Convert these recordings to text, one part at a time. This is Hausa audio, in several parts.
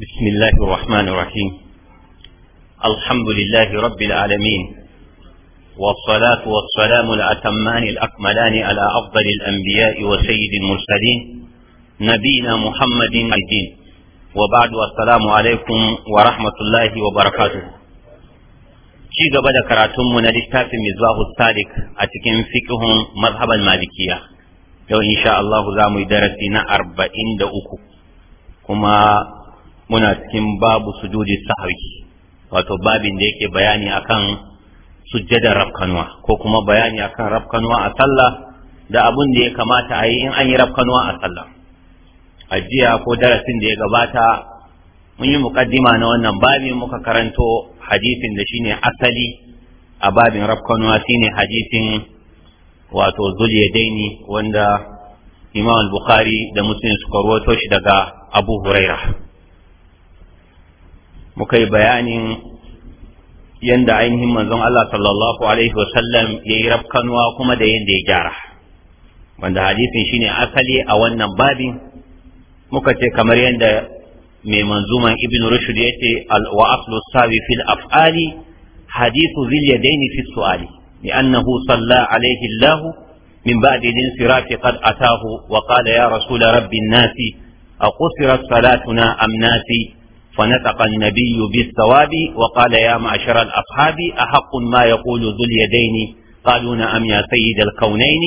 بسم الله الرحمن الرحيم الحمد لله رب العالمين والصلاة والسلام الأتمان الأكملان على أفضل الأنبياء وسيد المرسلين نبينا محمد الدين وبعد والسلام عليكم ورحمة الله وبركاته ci gaba da karatunmu na littafin Mizbahu Salik a cikin fiqhun mazhaban Malikiya yau insha Allah za mu yi darasi na arba'in da uku kuma muna cikin babu sujudi sahwi wato babin da yake bayani akan sujjadar rafkanwa ko kuma bayani akan rafkanwa a sallah da abun da ya kamata a yi in an yi rafkanwa a sallah a jiya ko darasin da ya gabata mun yi mukaddima na wannan babin muka karanto hadisin da shine asali a babin rafkanwa shine hadisin wato zuliyadaini wanda imam al-bukhari da muslim suka ruwato shi daga abu hurairah muka yi bayanin yadda ainihin manzon Allah sallallahu alaihi wasallam ya yi rafkanuwa kuma da yadda ya gyara wanda hadisin shine asali a wannan babin muka ce kamar yadda mai manzuman ibn rushd ya wa aslu sabi fil af'ali hadithu zil yadaini fi su'ali لأنه صلى عليه الله من بعد الانصراف قد أتاه وقال يا رسول رب الناس أقصرت صلاتنا أم ناسي فنطق النبي بالثواب وقال يا معشر الأصحاب أحق ما يقول ذو اليدين قالون أم يا سيد الكونين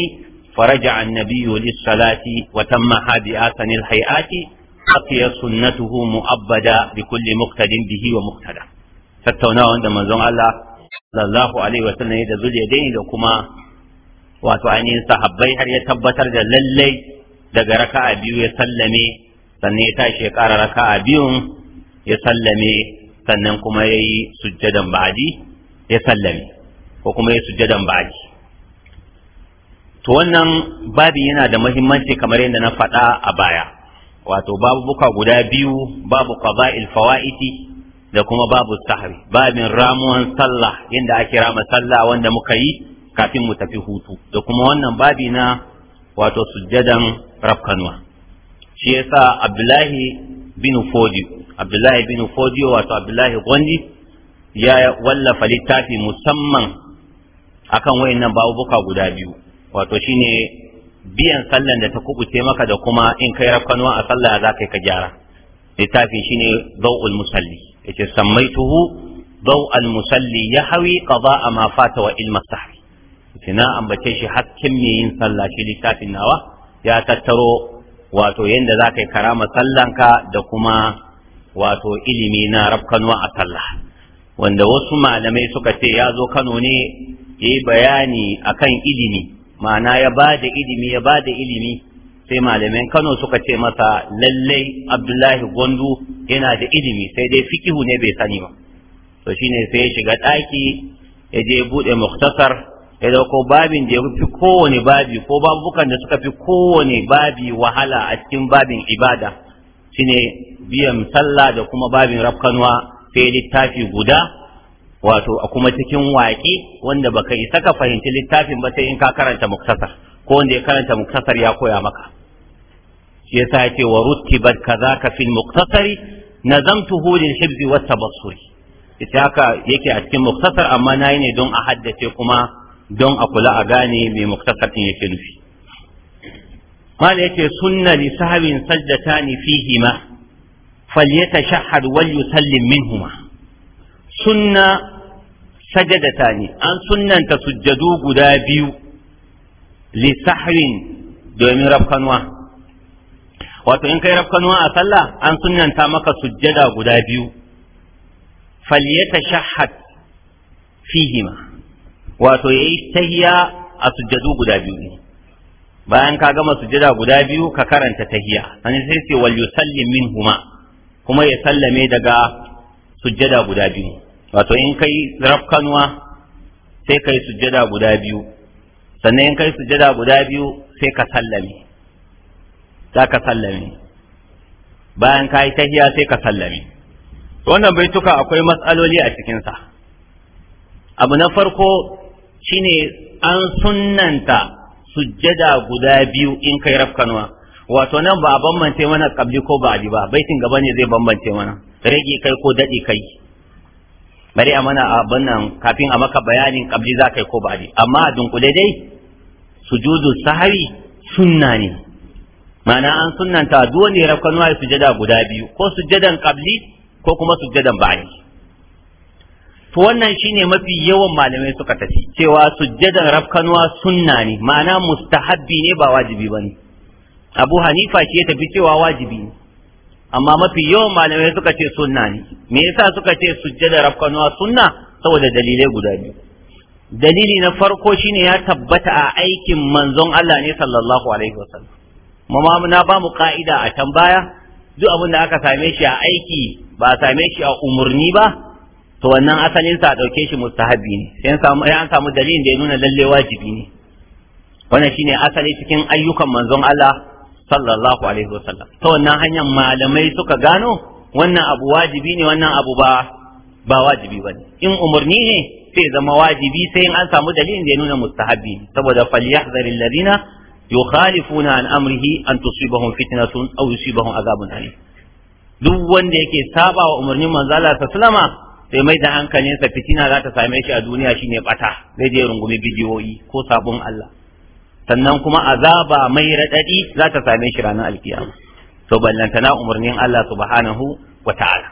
فرجع النبي للصلاة وتم حادئات الهيئات بقي سنته مؤبدا بكل مقتد به ومقتدى tattauna wanda manzon Allah sallallahu alaihi wa sallam da zuliyadaini da kuma wato ainihin sahabbai har ya tabbatar da lallai daga raka'a biyu ya sallame sannan ya tashi ya ƙara raka'a biyun ya sallame sannan kuma ya yi sujjadan ba'adi ya sallame ko kuma ya sujjadan ba'adi to wannan babi yana da mahimmanci kamar yadda na faɗa a baya wato babu buka guda biyu babu qada'il fawaiti da kuma babu sahri babin ramuwan sallah yadda ake rama sallah wanda muka yi kafin mu tafi hutu da kuma wannan babi na wato sujjadan rafkanuwa shi yasa abdullahi bin fodi abdullahi bin fodi wato abdullahi gondi ya wallafa littafi musamman akan wayannan babubuka guda biyu wato shine biyan sallan da ta kubuce maka da kuma in kai rafkanuwa a sallah za kai ka gyara littafi shine daw'ul musalli yace sammaituhu daw'al musalli yahwi qada'a ma fata wa ilma sahwi yace na ambace shi hakkin mai yin sallah shi littafin nawa ya tattaro wato yadda za ka yi karama sallanka da kuma wato ilimi na rafkanuwa a sallah wanda wasu malamai suka ce ya zo kano ne ya yi bayani a kan ilimi ma'ana ya ba da ilimi ya ba da ilimi sai malamin kano suka ce masa lallai abdullahi gwandu yana da ilimi sai dai fikihu ne bai sani ba to shine sai ya shiga ɗaki ya je buɗe muktasar ya ko babin da ya fi kowane babi ko babukan da suka fi kowane babi wahala a cikin babin ibada shine biyan sallah da kuma babin rafkanuwa sai littafi guda wato a kuma cikin waƙi wanda baka isa ka fahimci littafin ba sai in ka karanta muktasar ko wanda ya karanta muktasar ya koya maka shi yasa yake wa kaza ka fil muktasari nazamtuhu lil hibbi wat tabassuri ita haka yake a cikin muktasar amma nayi ne don a haddace kuma don a kula a gane mai muktasarin yake nufi mala yake sunna li sahawin sajdatani fihima falyatashahhad wal yusallim minhuma sunna ni an sunnanta sujjadu guda biyu li sahwin domin rafkanwa wato in kai rafkanuwa a sallah an sunanta maka sujjada guda biyu falyata shahad fihima wato yayi tahiya a sujjadu guda biyu bayan ka gama sujjada guda biyu ka karanta tahiya, an sai ce wal yusallim huma kuma ya sallame daga sujjada guda biyu wato in kai rafkanwa sai kai sujjada guda biyu sannan in kai sujjada guda biyu sai ka sallame za ka sallame bayan ka yi tahiya sai ka sallame wannan baituka akwai matsaloli a cikinsa abu na farko shine an sunnanta sujjada guda biyu in kai rafkanuwa wato nan ba a bambance mana kabli ko ba ba baitin gaba ne zai bambance mana rage kai ko daɗi kai bari a mana abin nan kafin a maka bayanin kabli za kai ko ba amma a dunkule dai sujudu sahari sunna ne ma'ana an sunnanta duk wanda ya rafkanuwa ya sujjada guda biyu ko sujjadan kabli ko kuma sujjadan ba'di to wannan shine mafi yawan malamai suka tafi cewa sujjadan rafkanuwa sunna ne ma'ana mustahabbi ne ba wajibi ba ne abu hanifa shi ya tafi cewa wajibi ne amma mafi yawan malamai suka ce sunna ne me yasa suka ce sujjadan rafkanuwa sunna saboda dalilai guda biyu dalili na farko shine ya tabbata a aikin manzon Allah ne sallallahu alaihi wasallam mama na ba mu ka'ida a can baya duk abin da aka same shi a aiki ba a same shi a umurni ba to wannan asalin sa dauke shi mustahabi ne sai samu an samu dalilin da ya nuna lalle wajibi ne wannan shine asali cikin ayyukan manzon Allah sallallahu alaihi wasallam ta wannan hanyar malamai suka gano wannan abu wajibi ne wannan abu ba ba wajibi bane in umurni ne sai zama wajibi sai an samu dalilin da ya nuna mustahabi saboda falyahzaril ladina yukhalifuna an amrihi an tusibahum fitnatun aw yusibahum azabun alim duk wanda yake saba wa umarnin manzo Allah sallama sai mai da hankalinsa fitina za ta same shi a duniya shine bata zai je rungumi bidiyoyi ko sabon Allah sannan kuma azaba mai raɗaɗi za ta same shi ranar alkiyama to ballantana umarnin Allah subhanahu wa ta'ala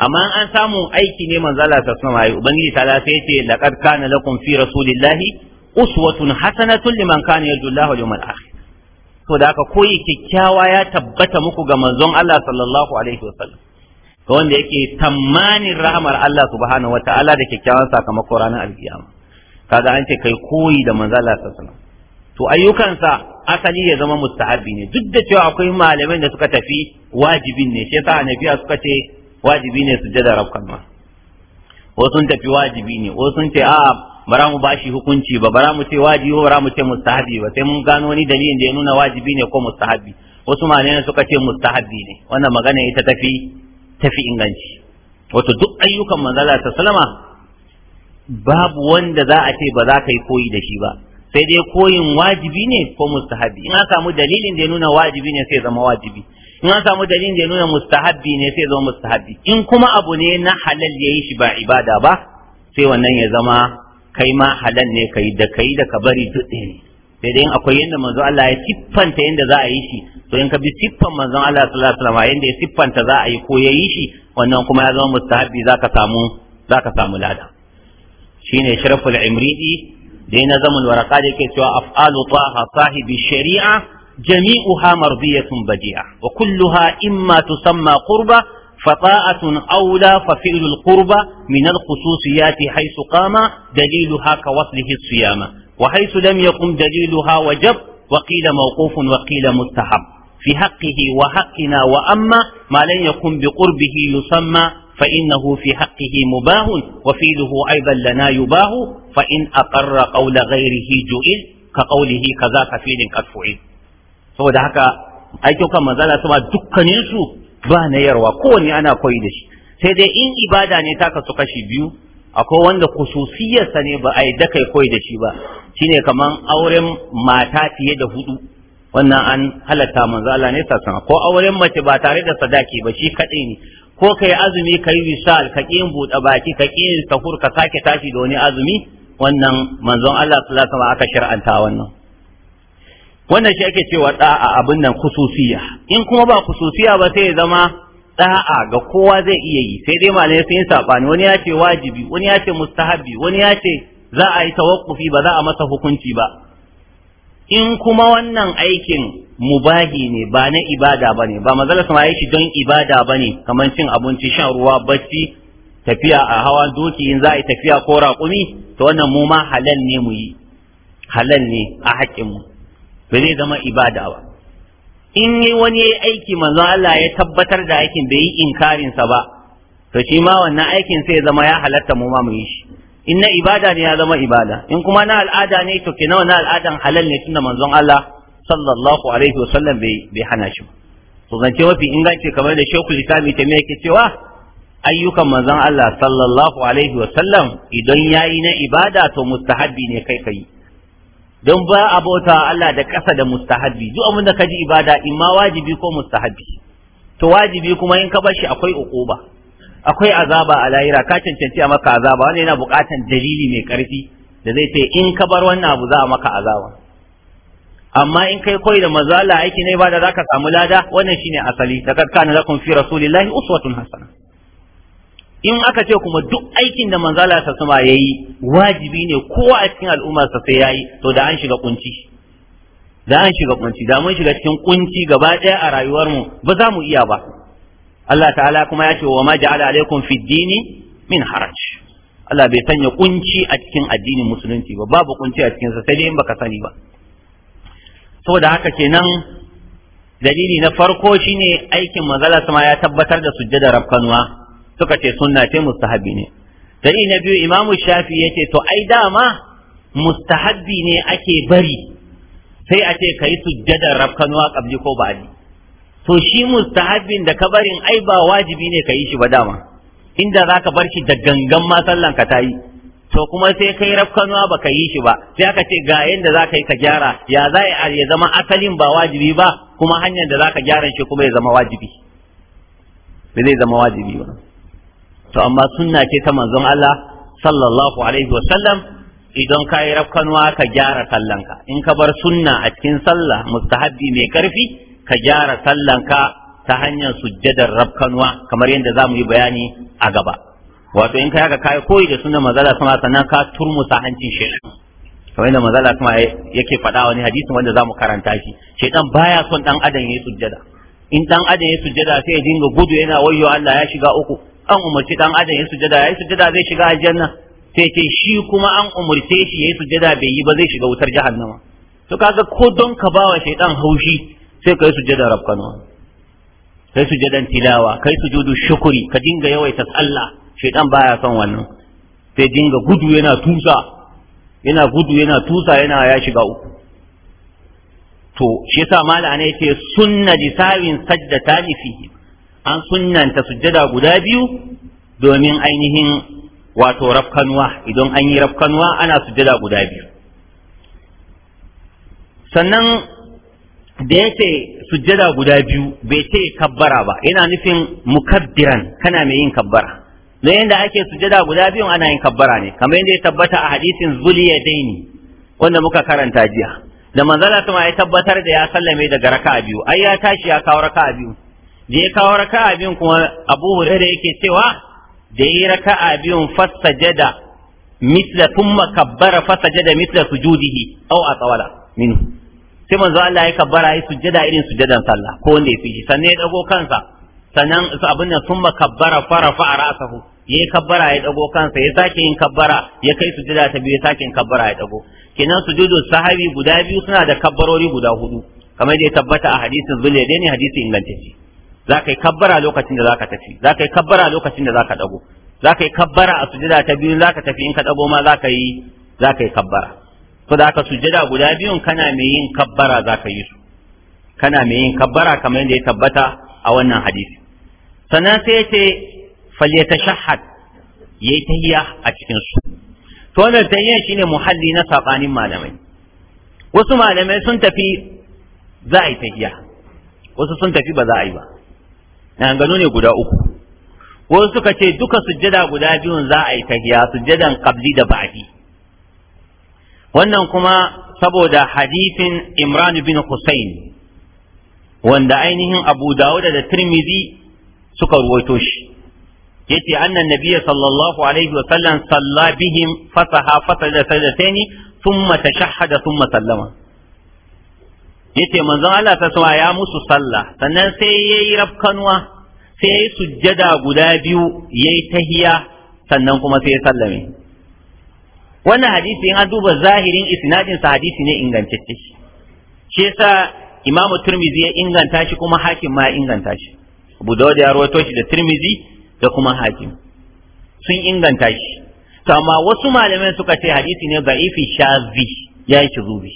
amma an samu aiki ne manzo Allah ta sama yi ubangiji ta lafi yace laqad kana lakum fi rasulillahi uswatun hasanatun liman kana yarju Allah wal yawmal akhir to da haka koyi kikkiawa ya tabbata muku ga manzon Allah sallallahu alaihi wasallam ga wanda yake tamanin rahamar Allah subhanahu wataala da kyakkyawan sakamakon ranar alkiyama kaga an ce kai koyi da manzo Allah to ayyukansa asali ya zama mustahabi ne duk da cewa akwai malamai da suka tafi wajibin ne shi yasa annabiya suka ce wajibi ne sujjada rabkan ma wasu sun tafi wajibi ne wasu sun ce a bara mu bashi hukunci ba bara mu ce wajibi ba bara mu ce mustahabi ba sai mun gano wani dalilin da ya nuna wajibi ne ko mustahabi wasu malamai suka ce mustahabi ne wannan magana ita tafi tafi inganci wato duk ayyukan manzala ta salama babu wanda za a ce ba za ka yi koyi da shi ba sai dai koyin wajibi ne ko mustahabi in an samu dalilin da ya nuna wajibi ne sai zama wajibi in an samu dalilin da ya nuna mustahabi ne sai zama mustahabi in kuma abu ne na halal ya yi shi ba ibada ba sai wannan ya zama kai ma halal ne kai da kai da ka bari duk ne sai dai akwai yanda manzo Allah ya siffanta yanda za a yi shi to in ka bi siffan manzo Allah sallallahu alaihi yadda yanda ya siffanta za a yi ko ya yi shi wannan kuma ya zama mustahabi zaka samu zaka samu lada shine sharaful imridi dai na zaman waraka da yake cewa af'alu taha sahibi shari'a jami'uha mardiyatun badi'a wa kulluha imma tusamma qurba فطاعة أولى ففعل القربى من الخصوصيات حيث قام دليلها كوصله الصيام وحيث لم يقم دليلها وجب وقيل موقوف وقيل مستحب في حقه وحقنا وأما ما لم يقم بقربه يسمى فإنه في حقه مباه وفيله أيضا لنا يباه فإن أقر قول غيره جئل كقوله كذا كفيل قد فعل saboda haka ayyukan manzala sama dukkaninsu ba na yarwa kowane ana koyi da shi sai dai in ibada ne ta kasu kashi biyu akwai wanda kususiyarsa ne ba a yi dakai koyi da shi ba shine kamar auren mata fiye da hudu wannan an halatta manzo Allah ne sasan ko auren mace ba tare da sadaki ba shi kadai ne ko kai azumi kai wisal ka kin buɗe baki ka kin sahur ka sake tashi da wani azumi wannan manzon Allah sallallahu alaihi wasallam aka shar'anta wannan wannan shi ake cewa da'a abin nan khususiya in kuma ba khususiya ba sai ya zama da'a ga kowa zai iya yi sai dai malamai sun yi sabani wani ya ce wajibi wani ya ce mustahabi wani ya ce za a yi tawakkufi ba za a masa hukunci ba in kuma wannan aikin mubahi ne ba na ibada ba ne ba mazala sama yi shi don ibada ba ne kamar cin abinci shan ruwa bacci tafiya a hawa doki in za a yi tafiya ko raƙumi to wannan mu ma halal ne mu yi halal ne a mu. ba zai zama ibada ba in yi wani yi aiki manzo Allah ya tabbatar da aikin bai yi inkarin sa ba to shi ma wannan aikin sai ya zama ya halatta mu ma mu yi shi in na ibada ne ya zama ibada in kuma na al'ada ne to kina na al'adan halal ne tunda manzon Allah sallallahu alaihi wasallam bai bai hana shi to zance mafi inganci kamar da Sheikhul Islam ta me yake cewa ayyukan manzon Allah sallallahu alaihi wasallam idan yayi na ibada to mustahabbi ne kai kai don ba a bauta Allah da ƙasa da mustahabi duk abin da ka ji ibada imma wajibi ko mustahabi to wajibi kuma in ka bar shi akwai uquba akwai azaba a lahira ka cancanci a maka azaba wanda yana buƙatan dalili mai ƙarfi da zai ce in ka bar wannan abu za a maka azaba amma in kai koyi da manzo Allah aiki ne ba da zaka samu lada wannan shine asali da kana lakum fi rasulillahi uswatun hasana in aka ce kuma duk aikin da manzala ta sama ya yi wajibi ne kowa a cikin al'umma sa sai ya yi to da an shiga kunci da an shiga kunci da mun shiga cikin kunci gaba ɗaya a rayuwarmu ba za mu iya ba Allah ta'ala kuma ya ce wa ma ja'ala alaikum fid dini min haraj Allah bai sanya kunci a cikin addinin musulunci ba babu kunci a cikin sa sai dai in baka sani ba saboda haka kenan dalili na farko shine aikin manzala sama ya tabbatar da sujjada rabkanuwa suka ce sunna ce mustahabi ne dalili na biyu imamu shafi ya ce to ai dama mustahabi ne ake bari sai a ce ka yi sujjadar rafkanuwa kabli ko ba'adi to shi mustahabin da ka barin ai ba wajibi ne ka yi shi ba dama inda za ka bar shi da gangan ma sallan ta yi to kuma sai kai rafkanuwa ba ka yi shi ba sai aka ce ga yadda za ka yi ka gyara ya za ya zama asalin ba wajibi ba kuma hanyar da za ka gyara shi kuma ya zama wajibi ba zai zama wajibi ba to amma sunna ce ta manzon Allah sallallahu alaihi wasallam idan ka yi rafkanwa ka gyara sallanka in ka bar sunna a cikin sallah mustahabbi mai karfi ka gyara sallanka ta hanyar sujjadar rafkanwa kamar yadda za mu yi bayani a gaba wato in ka yaga ka yi koyi da sunna manzala sama sannan ka turmusa hancin shaitan kamar yadda manzala sama yake faɗa wani hadisin wanda za mu karanta shi shaitan baya son dan adam ya yi sujjada in dan adam ya sujjada sai ya dinga gudu yana wayo Allah ya shiga uku an umarci dan adam ya sujada ya sujada zai shiga aljanna sai ce shi kuma an umarce shi ya sujada bai yi ba zai shiga wutar jahannama to kaga ko don ka bawa shaytan haushi sai kai sujada rabbana kai sujadan tilawa kai sujudu shukuri ka dinga yawaita Allah shaytan baya son wannan sai dinga gudu yana tusa yana gudu yana tusa yana ya shiga uku to shi yasa malana yace sunna jisawin sajdatani fihi an sunnanta sujjada guda biyu domin ainihin wato rafkanuwa idan an yi rafkanuwa ana sujjada guda biyu sannan da ya ce sujjada guda biyu bai ce kabbara ba yana nufin mukabbiran kana mai yin kabbara don yadda ake sujjada guda biyun ana yin kabbara ne kamar yadda ya tabbata a hadisin zuliya daini wanda muka karanta jiya da manzala kuma ya tabbatar da ya sallame daga raka'a biyu ai ya tashi ya kawo raka'a biyu da ya kawo raka'a biyun kuma abu hurairah yake cewa da yi raka'a biyun fasajada misla jada kabbara su misla sujudihi a tsawala. Minu sai manzo Allah ya kabbara yi sujjada irin sujjadan sallah ko wanda ya fi shi sannan ya dago kansa sannan su abin nan thumma kabbara farafa ra'sahu yi kabbara ya dago kansa ya sake yin kabbara ya kai sujjada ta biyu ya sake yin kabbara ya dago kenan sujudu sahabi guda biyu suna da kabbarori guda hudu kamar da ya tabbata a hadisin zulle ne hadisi ingantacce za ka yi kabbara lokacin da za ka tafi za ka yi kabbara lokacin da za ka ɗago za ka yi kabbara a sujada ta biyu za ka tafi in ka ɗago ma za ka yi za ka yi kabbara Ko za ka sujada guda biyun kana mai yin kabbara za ka yi su kana mai yin kabbara kamar yadda ya tabbata a wannan hadisi sannan sai ya ce falyatashahhad yayi tahiyya a cikin su to wannan shi ne muhalli na sabanin malamai wasu malamai sun tafi za a yi tahiyya wasu sun tafi ba za a yi ba gano ne guda uku wasu suka ce duka sujjada guda biyun za a yi tahiya sujjadan qabli da ba'di wannan kuma saboda hadisin Imran bin Husayn wanda ainihin Abu Dawud da Tirmidhi suka ruwaito shi yace annan nabiyya sallallahu alaihi wa sallam salla bihim fasaha fasada sajdataini thumma tashahhada thumma sallama yace manzon Allah ta sawa ya musu sallah sannan sai yayi rafkanwa sai yayi sujjada guda biyu yayi tahiya sannan kuma sai ya sallame wannan hadisi in an duba zahirin isnadin sa hadisi ne ingantacce shi yasa imamu turmizi ya inganta shi kuma hakim ma ya inganta shi abu dawud ya rawaito shi da turmizi da kuma hakim sun inganta shi to amma wasu malamai suka ce hadisi ne ifi shazi ya yi zubi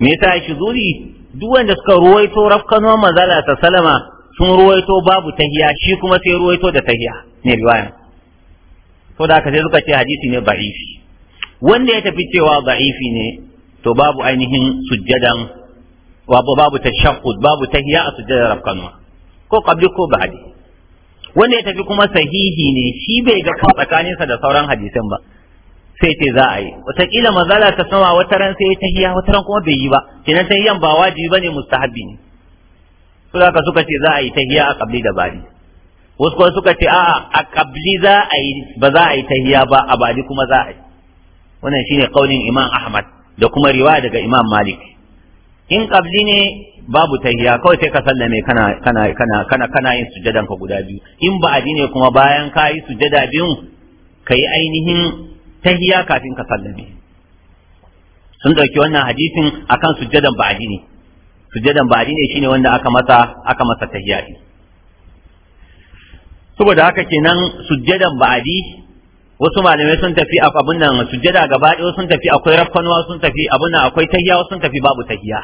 me yasa zuri duk wanda suka ruwaito rafkano manzala ta salama sun ruwaito babu tahiya shi kuma sai ruwaito da tahiya ne riwaya to da aka sai suka ce hadisi ne ba'ifi wanda ya tafi cewa ba'ifi ne to babu ainihin sujjadan babu tashaqqud babu tahiya a sujjadan rafkano ko qabli ko ba'di wanda ya tafi kuma sahihi ne shi bai ga tsakaninsa da sauran hadisan ba sai ce za a yi wataƙila mazala ta sama wata ran sai ta hiya wata ran kuma bai yi ba kenan ta hiyan ba wajibi bane mustahabi ne su ka suka ce za a yi ta hiya a kabli da bari wasu kuma suka ce a'a a kabli za a yi ba za a yi ta hiya ba a bari kuma za a yi wannan shine kaulin imam ahmad da kuma riwaya daga imam malik in kabli ne babu ta hiya, kawai sai ka sallame kana kana kana kana kana yin sujadan ka guda biyu in ba ne kuma bayan ka yi sujada biyun ka yi ainihin tahiya kafin ka sallame sun ɗauki wannan hadisin akan sujjadan ba'adi ne sujjadan ba'adi ne shine wanda aka masa aka masa tahiya din saboda haka kenan sujjadan ba'adi wasu malamai sun tafi a abun nan sujjada gaba ɗaya sun tafi akwai rafkanwa sun tafi abun nan akwai tahiya sun tafi babu tahiya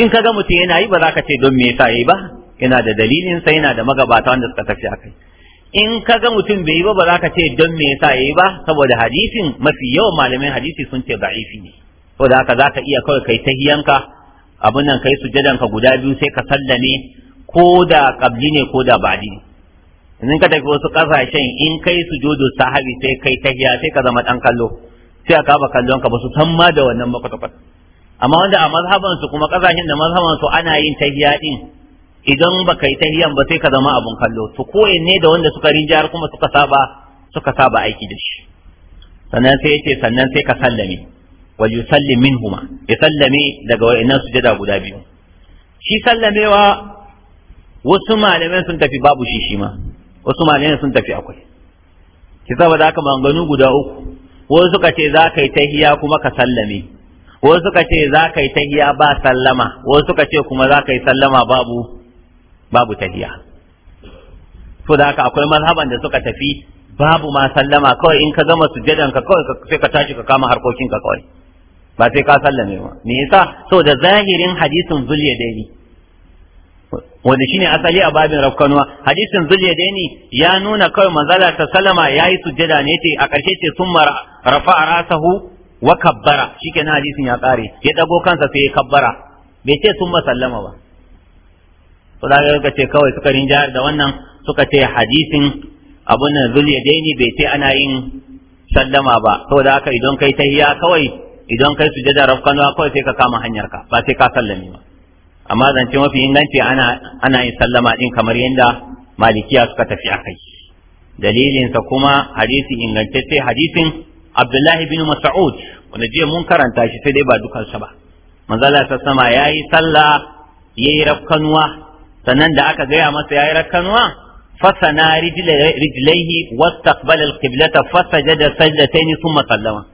in ka ga mutum yana yi ba za ka ce don me yasa yi ba yana da dalilin sai yana da magabata wanda suka tafi akai in ka ga mutum bai yi ba ba za ka ce don me yasa yayi ba saboda hadisin mafi yawan malamai hadisi sun ce da'ifi ne saboda haka za ka iya kawai kai tahiyanka abin nan kai sujadan ka guda biyu sai ka sallame ko da kabli ne ko da ba'di in ka tafi wasu kasashen in kai sujudu sahabi sai kai tahiya sai ka zama dan kallo sai ka ba kallon ka ba su san ma da wannan makwatakwa amma wanda a mazhaban kuma kasashen da mazhaban su ana yin tahiya din idan baka yi tahiyan ba sai ka zama abun kallo to koyin ne da wanda suka rijiyar kuma suka saba suka saba aiki da shi sannan sai yace sannan sai ka sallame wa yusallim minhuma ya sallame daga wa'annan sujada guda biyu shi sallamewa wasu malamai sun tafi babu shi shi ma wasu malamai sun tafi akwai ki saboda haka manganu guda uku wasu suka ce za ka yi tahiya kuma ka sallame wasu suka ce za ka yi tahiya ba sallama wasu suka ce kuma za ka yi sallama babu babu tahiya to da haka akwai mazhaban da suka tafi babu ma sallama kawai in ka gama sujjadan ka kawai sai ka tashi ka kama harkokin ka kawai ba sai ka sallame ba me yasa so da zahirin hadisin zulyadaini wanda shine asali a babin rafkanuwa hadisin zulyadaini ya nuna kawai manzala ta sallama yayi sujjada ne ce a karshe ce summa rafa'a rasahu wa kabbara shikenan hadisin ya kare ya dago kansa sai ya kabbara bai ce summa sallama ba to da ga ce kawai suka rinjayar da wannan suka ce hadisin abun nan zuliyadaini bai ce ana yin sallama ba saboda haka idan kai tahiya kawai idan kai sujada rafkanuwa kawai sai ka kama hanyarka ba sai ka sallame ba amma zance mafi inganci ana ana yin sallama din kamar yadda malikiya suka tafi akai. dalilinsa kuma hadisi ingantacce hadisin abdullahi bin mas'ud wanda jiya mun karanta shi sai dai ba dukansa ba manzala ta sama ya yi sallah ya yi rafkanuwa sannan da aka gaya masa yayi rakkanwa fasana rijlaihi wastaqbala alqiblata fasajada sajdatayn thumma sallama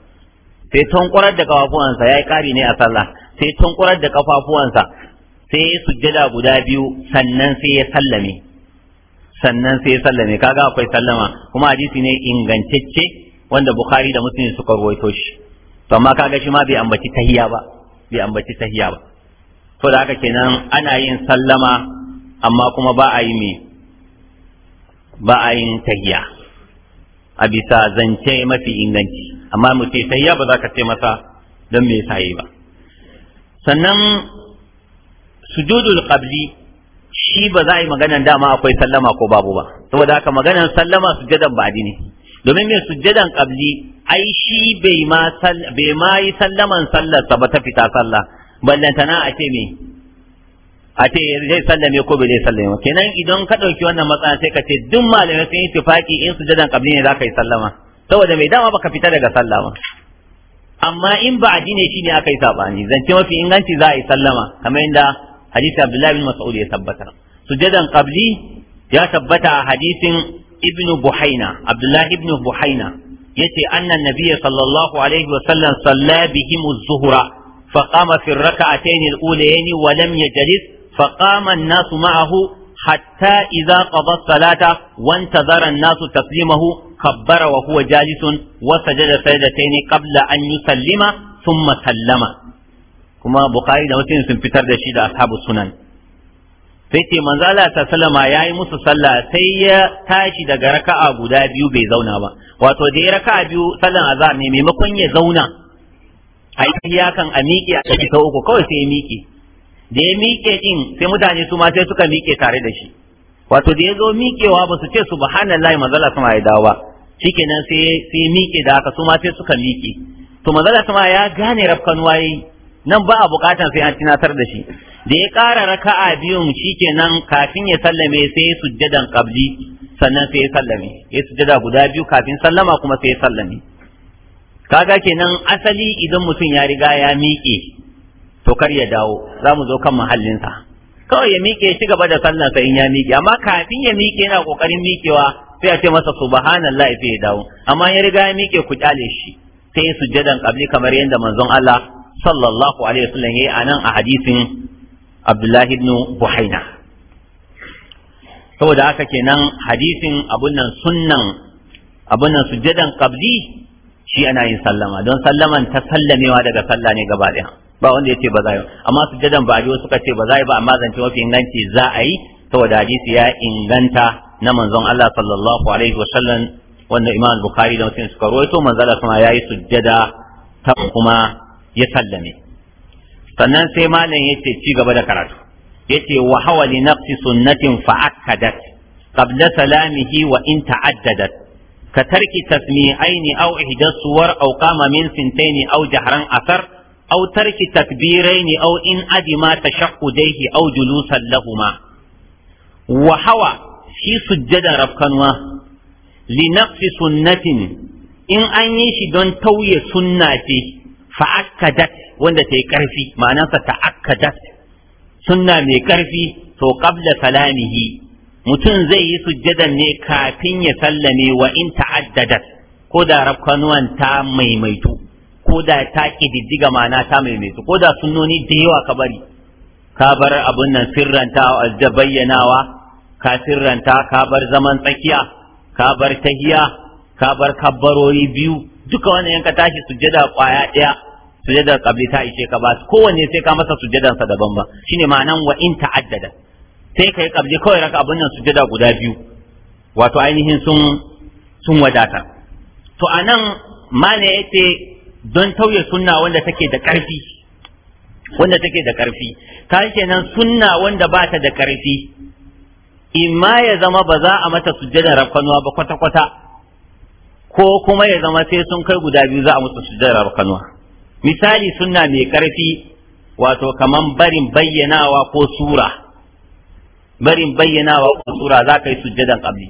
sai tunkurar da kafafuwansa yayi kari ne a sallah sai tunkurar da kafafuwansa sai ya sujjada guda biyu sannan sai ya sallame sannan sai ya sallame kaga akwai sallama kuma hadisi ne ingantacce wanda bukhari da muslim suka rawaito shi to amma kaga shi ma bai ambaci tahiya ba bai ambaci tahiya ba to da haka kenan ana yin sallama amma kuma ba a yi me ba a yin tahiya a bisa zance mafi inganci amma mu ce tahiya ba za ka ce masa don me sa yi ba sannan sujudul qabli shi ba za a yi maganan dama akwai sallama ko babu ba saboda haka maganan sallama sujadan ba ne domin mai sujadan qabli ai shi bai ma yi sallaman sallar sa ba ta fita sallah ballantana a ce me a ce zai sallame ko bai zai sallame kenan idan ka ɗauki wannan matsayin sai ka ce duk malamai sun yi tufaki in sujadan qabli ne za ka yi sallama saboda mai dama baka fita daga sallama amma in ba shi ne aka yi sabani zance mafi inganci za a yi sallama kamar yadda hadisi Abdullahi bin Mas'ud ya tabbatar sujadan qabli ya tabbata a hadisin Ibn Buhaina Abdullahi ibn Buhaina yace anna nabiyya sallallahu alaihi wa sallam salla bihim az فقام في الركعتين الأوليين ولم يجلس فقام الناس معه حتى إذا قضى الصلاة وانتظر الناس تسليمه كبر وهو جالس وسجد سجدتين قبل أن يسلم ثم سلم كما بخاري da mutum sun fitar da shi da ashabu sunan sai ce manzo Allah ta sallama musu sallah sai ya tashi daga raka'a guda biyu bai zauna ba wato da ya raka'a biyu sallan azhar ne maimakon ya zauna a a miƙe a uku kawai sai ya miƙe da ya miƙe ɗin sai mutane su ma sai suka miƙe tare da shi wato da ya zo miƙewa ba su ce su mazala su sama ya dawo ba shikenan sai sai miƙe da haka su ma sai suka miƙe to mazala sama ya gane rafkan waye, nan ba a buƙatan sai an tunatar da shi da ya ƙara raka'a biyun shikenan kafin ya sallame sai ya sujjadan qabli sannan sai ya sallame ya sujjada guda biyu kafin sallama kuma sai ya sallame kaga kenan asali idan mutum ya riga ya miƙe to kar ya dawo za mu zo kan mahallinsa kawai ya miƙe shi gaba da sallansa in ya miƙe amma kafin ya miƙe yana ƙoƙarin miƙewa sai a ce masa subhanallahi sai ya dawo amma ya riga ya miƙe ku kyale shi sai ya sujjadan kabli kamar yadda manzon Allah sallallahu alaihi wasallam yayi anan a hadisin Abdullahi ibn Buhaina saboda haka kenan hadisin abun nan sunnan abun nan sujjadan kabli shi ana yin sallama don sallaman ta sallamewa daga sallah ne gaba ɗaya ba wanda ya ce ba za yi amma sujjadan ba ajiyo suka ce ba za yi ba amma zance mafi inganci za a yi saboda hadisi ya inganta na manzon Allah sallallahu alaihi wa sallam wanda Imam Bukhari da Muslim suka rawaito manzon Allah kuma yayi sujjada ta kuma ya sallame sannan sai malam yace ci gaba da karatu yace wa hawali nafsi sunnatin fa akkadat qabla salamihi wa in ta'addadat كترك تسميعين أو إحدى الصور أو قام min sintaini أو جهرا أثر Autar ki tarki ni au in adima tashaqqudaihi aw julusan lahuma wa hawa shi sujjada rafkanwa li naqsi sunnatin in an yi shi don tauya sunna ce fa akkadat wanda ta yi karfi ma'anarsa ta akkadat sunna mai karfi to qabla salamihi mutum zai yi sujjadan ne kafin ya sallame wa in ta'addadat ko da rafkanuwan ta maimaitu ko da ta diddiga mana ta maimaitu ko da sunnoni da yawa ka bari ka bar abin nan sirranta da bayyanawa ka sirranta ka bar zaman tsakiya ka bar tahiya ka bar kabbarori biyu duka wannan yanka tashi sujjada kwaya ɗaya sujjadar kabli ta ishe ka ba kowanne sai ka masa sujjadar sa daban ba shine ma'anan wa in ta'addada sai yi kabli kawai raka abin nan sujjada guda biyu wato ainihin sun sun wadata to anan ne yace don tauye sunna wanda take da ƙarfi wanda take da ƙarfi ta kenan sunna wanda ba ta da ƙarfi imma ya zama ba za a mata sujjada rafkanuwa ba kwata-kwata ko kuma ya zama sai sun kai guda biyu za a mata sujjada rafkanuwa misali sunna mai ƙarfi wato kaman barin bayyanawa ko sura barin bayyanawa ko sura za ka yi sujjadan ƙabli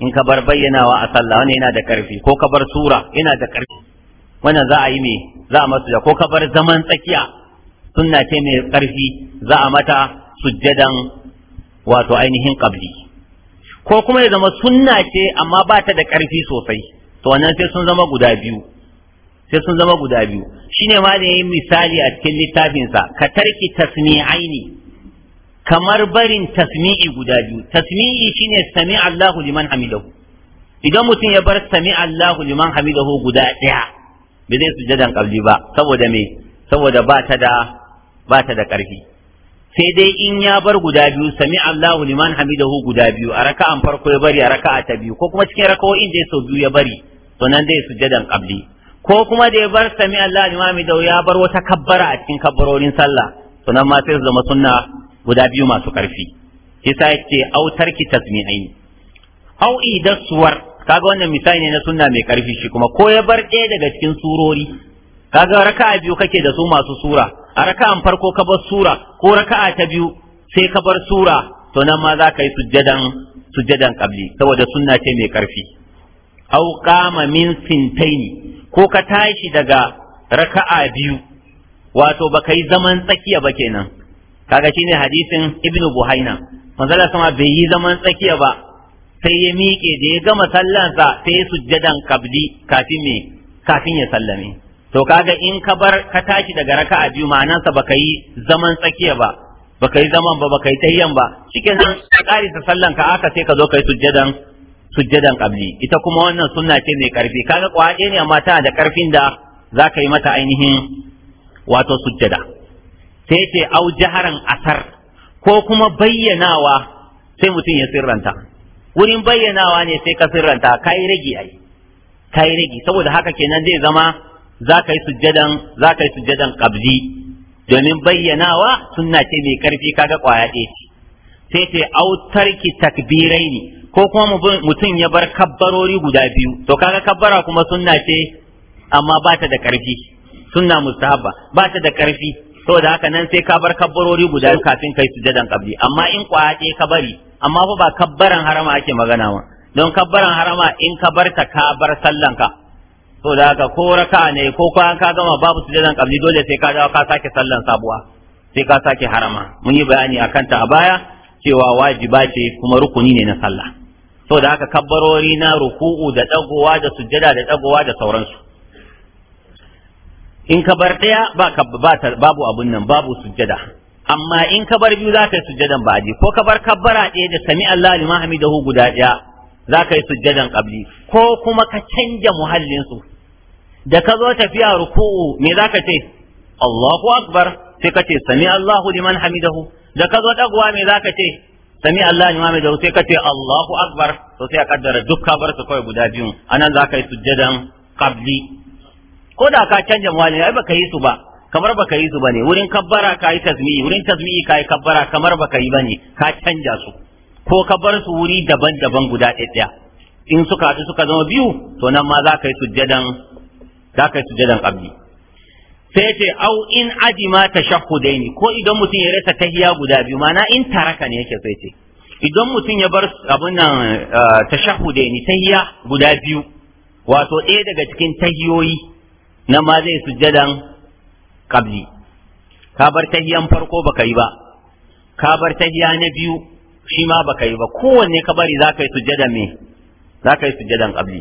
in ka bar bayyanawa a sallah wani yana da ƙarfi ko ka bar sura yana da ƙarfi wannan za a yi me za a masu ko ka bar zaman tsakiya sunna ce mai ƙarfi za a mata sujjadan wato ainihin ƙabli ko kuma ya zama sunna ce amma ba ta da ƙarfi sosai to wannan sai sun zama guda biyu sai sun zama guda biyu shine ma da yi misali a cikin littafinsa ka tarki aini kamar barin tasmi'i guda biyu tasmi'i shine sami Allahu liman hamidahu idan mutum ya bar sami Allahu liman hamidahu guda ɗaya bai zai sujadan qabli ba saboda me saboda ba ta da ba ta da karfi sai dai in ya bar guda biyu sami Allahu liman hamidahu guda biyu a raka'an farko ya bari a raka'a ta biyu ko kuma cikin raka'o'in da so biyu ya bari to nan dai sujadan qabli ko kuma da ya bar sami Allahu liman hamidahu ya bar wata kabbara a cikin kabbarorin sallah to nan ma sai zama sunna guda biyu masu karfi kisa yake autarki tasmi'ain au idasuwar kaga wannan misali ne na sunna mai karfi shi kuma ko ya bar ɗaya daga cikin surori kaga raka'a biyu kake da su masu sura a raka'an farko ka bar sura ko raka'a ta biyu sai ka bar sura to nan ma za ka yi sujjadan sujjadan qabli saboda sunna ce mai karfi aw qama min sintaini ko ka tashi daga raka'a biyu wato baka yi zaman tsakiya ba kenan kaga shine hadisin ibnu buhaina manzala sama bai yi zaman tsakiya ba sai ya miƙe da ya gama sallansa sai ya sujjadan kabli kafin me kafin ya sallame to kaga in ka bar ka tashi daga raka'a biyu ma'anansa baka yi zaman tsakiya ba baka yi zaman ba baka yi tayyan ba cikin nan karisa sallan ka aka sai ka zo kai sujjadan sujjadan kabli ita kuma wannan sunna ce mai karfi kaga kwaje ne amma tana da karfin da zaka yi mata ainihin wato sujjada sai ce au jaharan asar ko kuma bayyanawa sai mutum ya sirranta wurin bayyanawa ne sai ka sirranta yi rigi ai yi rigi saboda haka kenan zai zama za ka yi sujjadan za yi sujjadan qabli domin bayyanawa sunna ce mai karfi kaga kwaya ɗaya sai ce au tarki takbiraini ko kuma mutum ya bar kabbarori guda biyu to kaga kabbara kuma sunna ce amma ba ta da karfi sunna mustahabba ba ta da karfi saboda haka nan sai ka bar kabbarori guda kafin kai sujjadan qabli amma in kwaya ɗaya ka bari amma fa ba kabbaran harama ake magana wa don kabbaran harama in ka barta ka bar sallanka to da haka ko raka ne ko kwan ka gama babu sujadan kabli dole sai ka dawo ka sake sallan sabuwa sai ka sake harama mun yi bayani akan ta a baya cewa wajiba ce kuma rukuni ne na salla. to da haka kabbarori na ruku'u da dagowa da sujjada da dagowa da sauransu in ka bar daya ba babu abun nan babu sujjada amma in ka bar biyu za ka yi sujjadan baji ko ka bar kabbara ɗaya da sami Allah liman hamidahu guda ɗaya za ka yi sujjadan ƙabli ko kuma ka canja muhallinsu. da ka zo tafiya ruku'u me za ka ce Allahu akbar sai ka ce sami Allahu man hamidahu da ka zo ɗaguwa me za ka ce sami Allah liman hamidahu sai ka ce Allahu akbar to sai a kaddara duk ka bar su kawai guda biyun anan za ka yi sujjadan ƙabli ko da ka canja muhallin ai ka yi su ba kamar baka yi su bane wurin kabbara ka yi wurin tazmi ka yi kabbara kamar baka yi bane ka canja su ko ka bar su wuri daban-daban guda ɗaya in suka haɗu suka zama biyu to nan ma za ka yi sujjadan za ka yi sujjadan qabli sai ce au in ajima tashahhudaini ko idan mutum ya rasa tahiya guda biyu mana in taraka ne yake sai ce idan mutum ya bar abun nan eh, ne, tahiya guda biyu wato ɗaya daga cikin tahiyoyi na ma zai sujjadan kabli ka bar tahiyan farko baka yi ba ka bar tahiya na biyu shi ma baka yi ba kowanne ka bari za ka yi sujjada me ka yi sujjadan kabli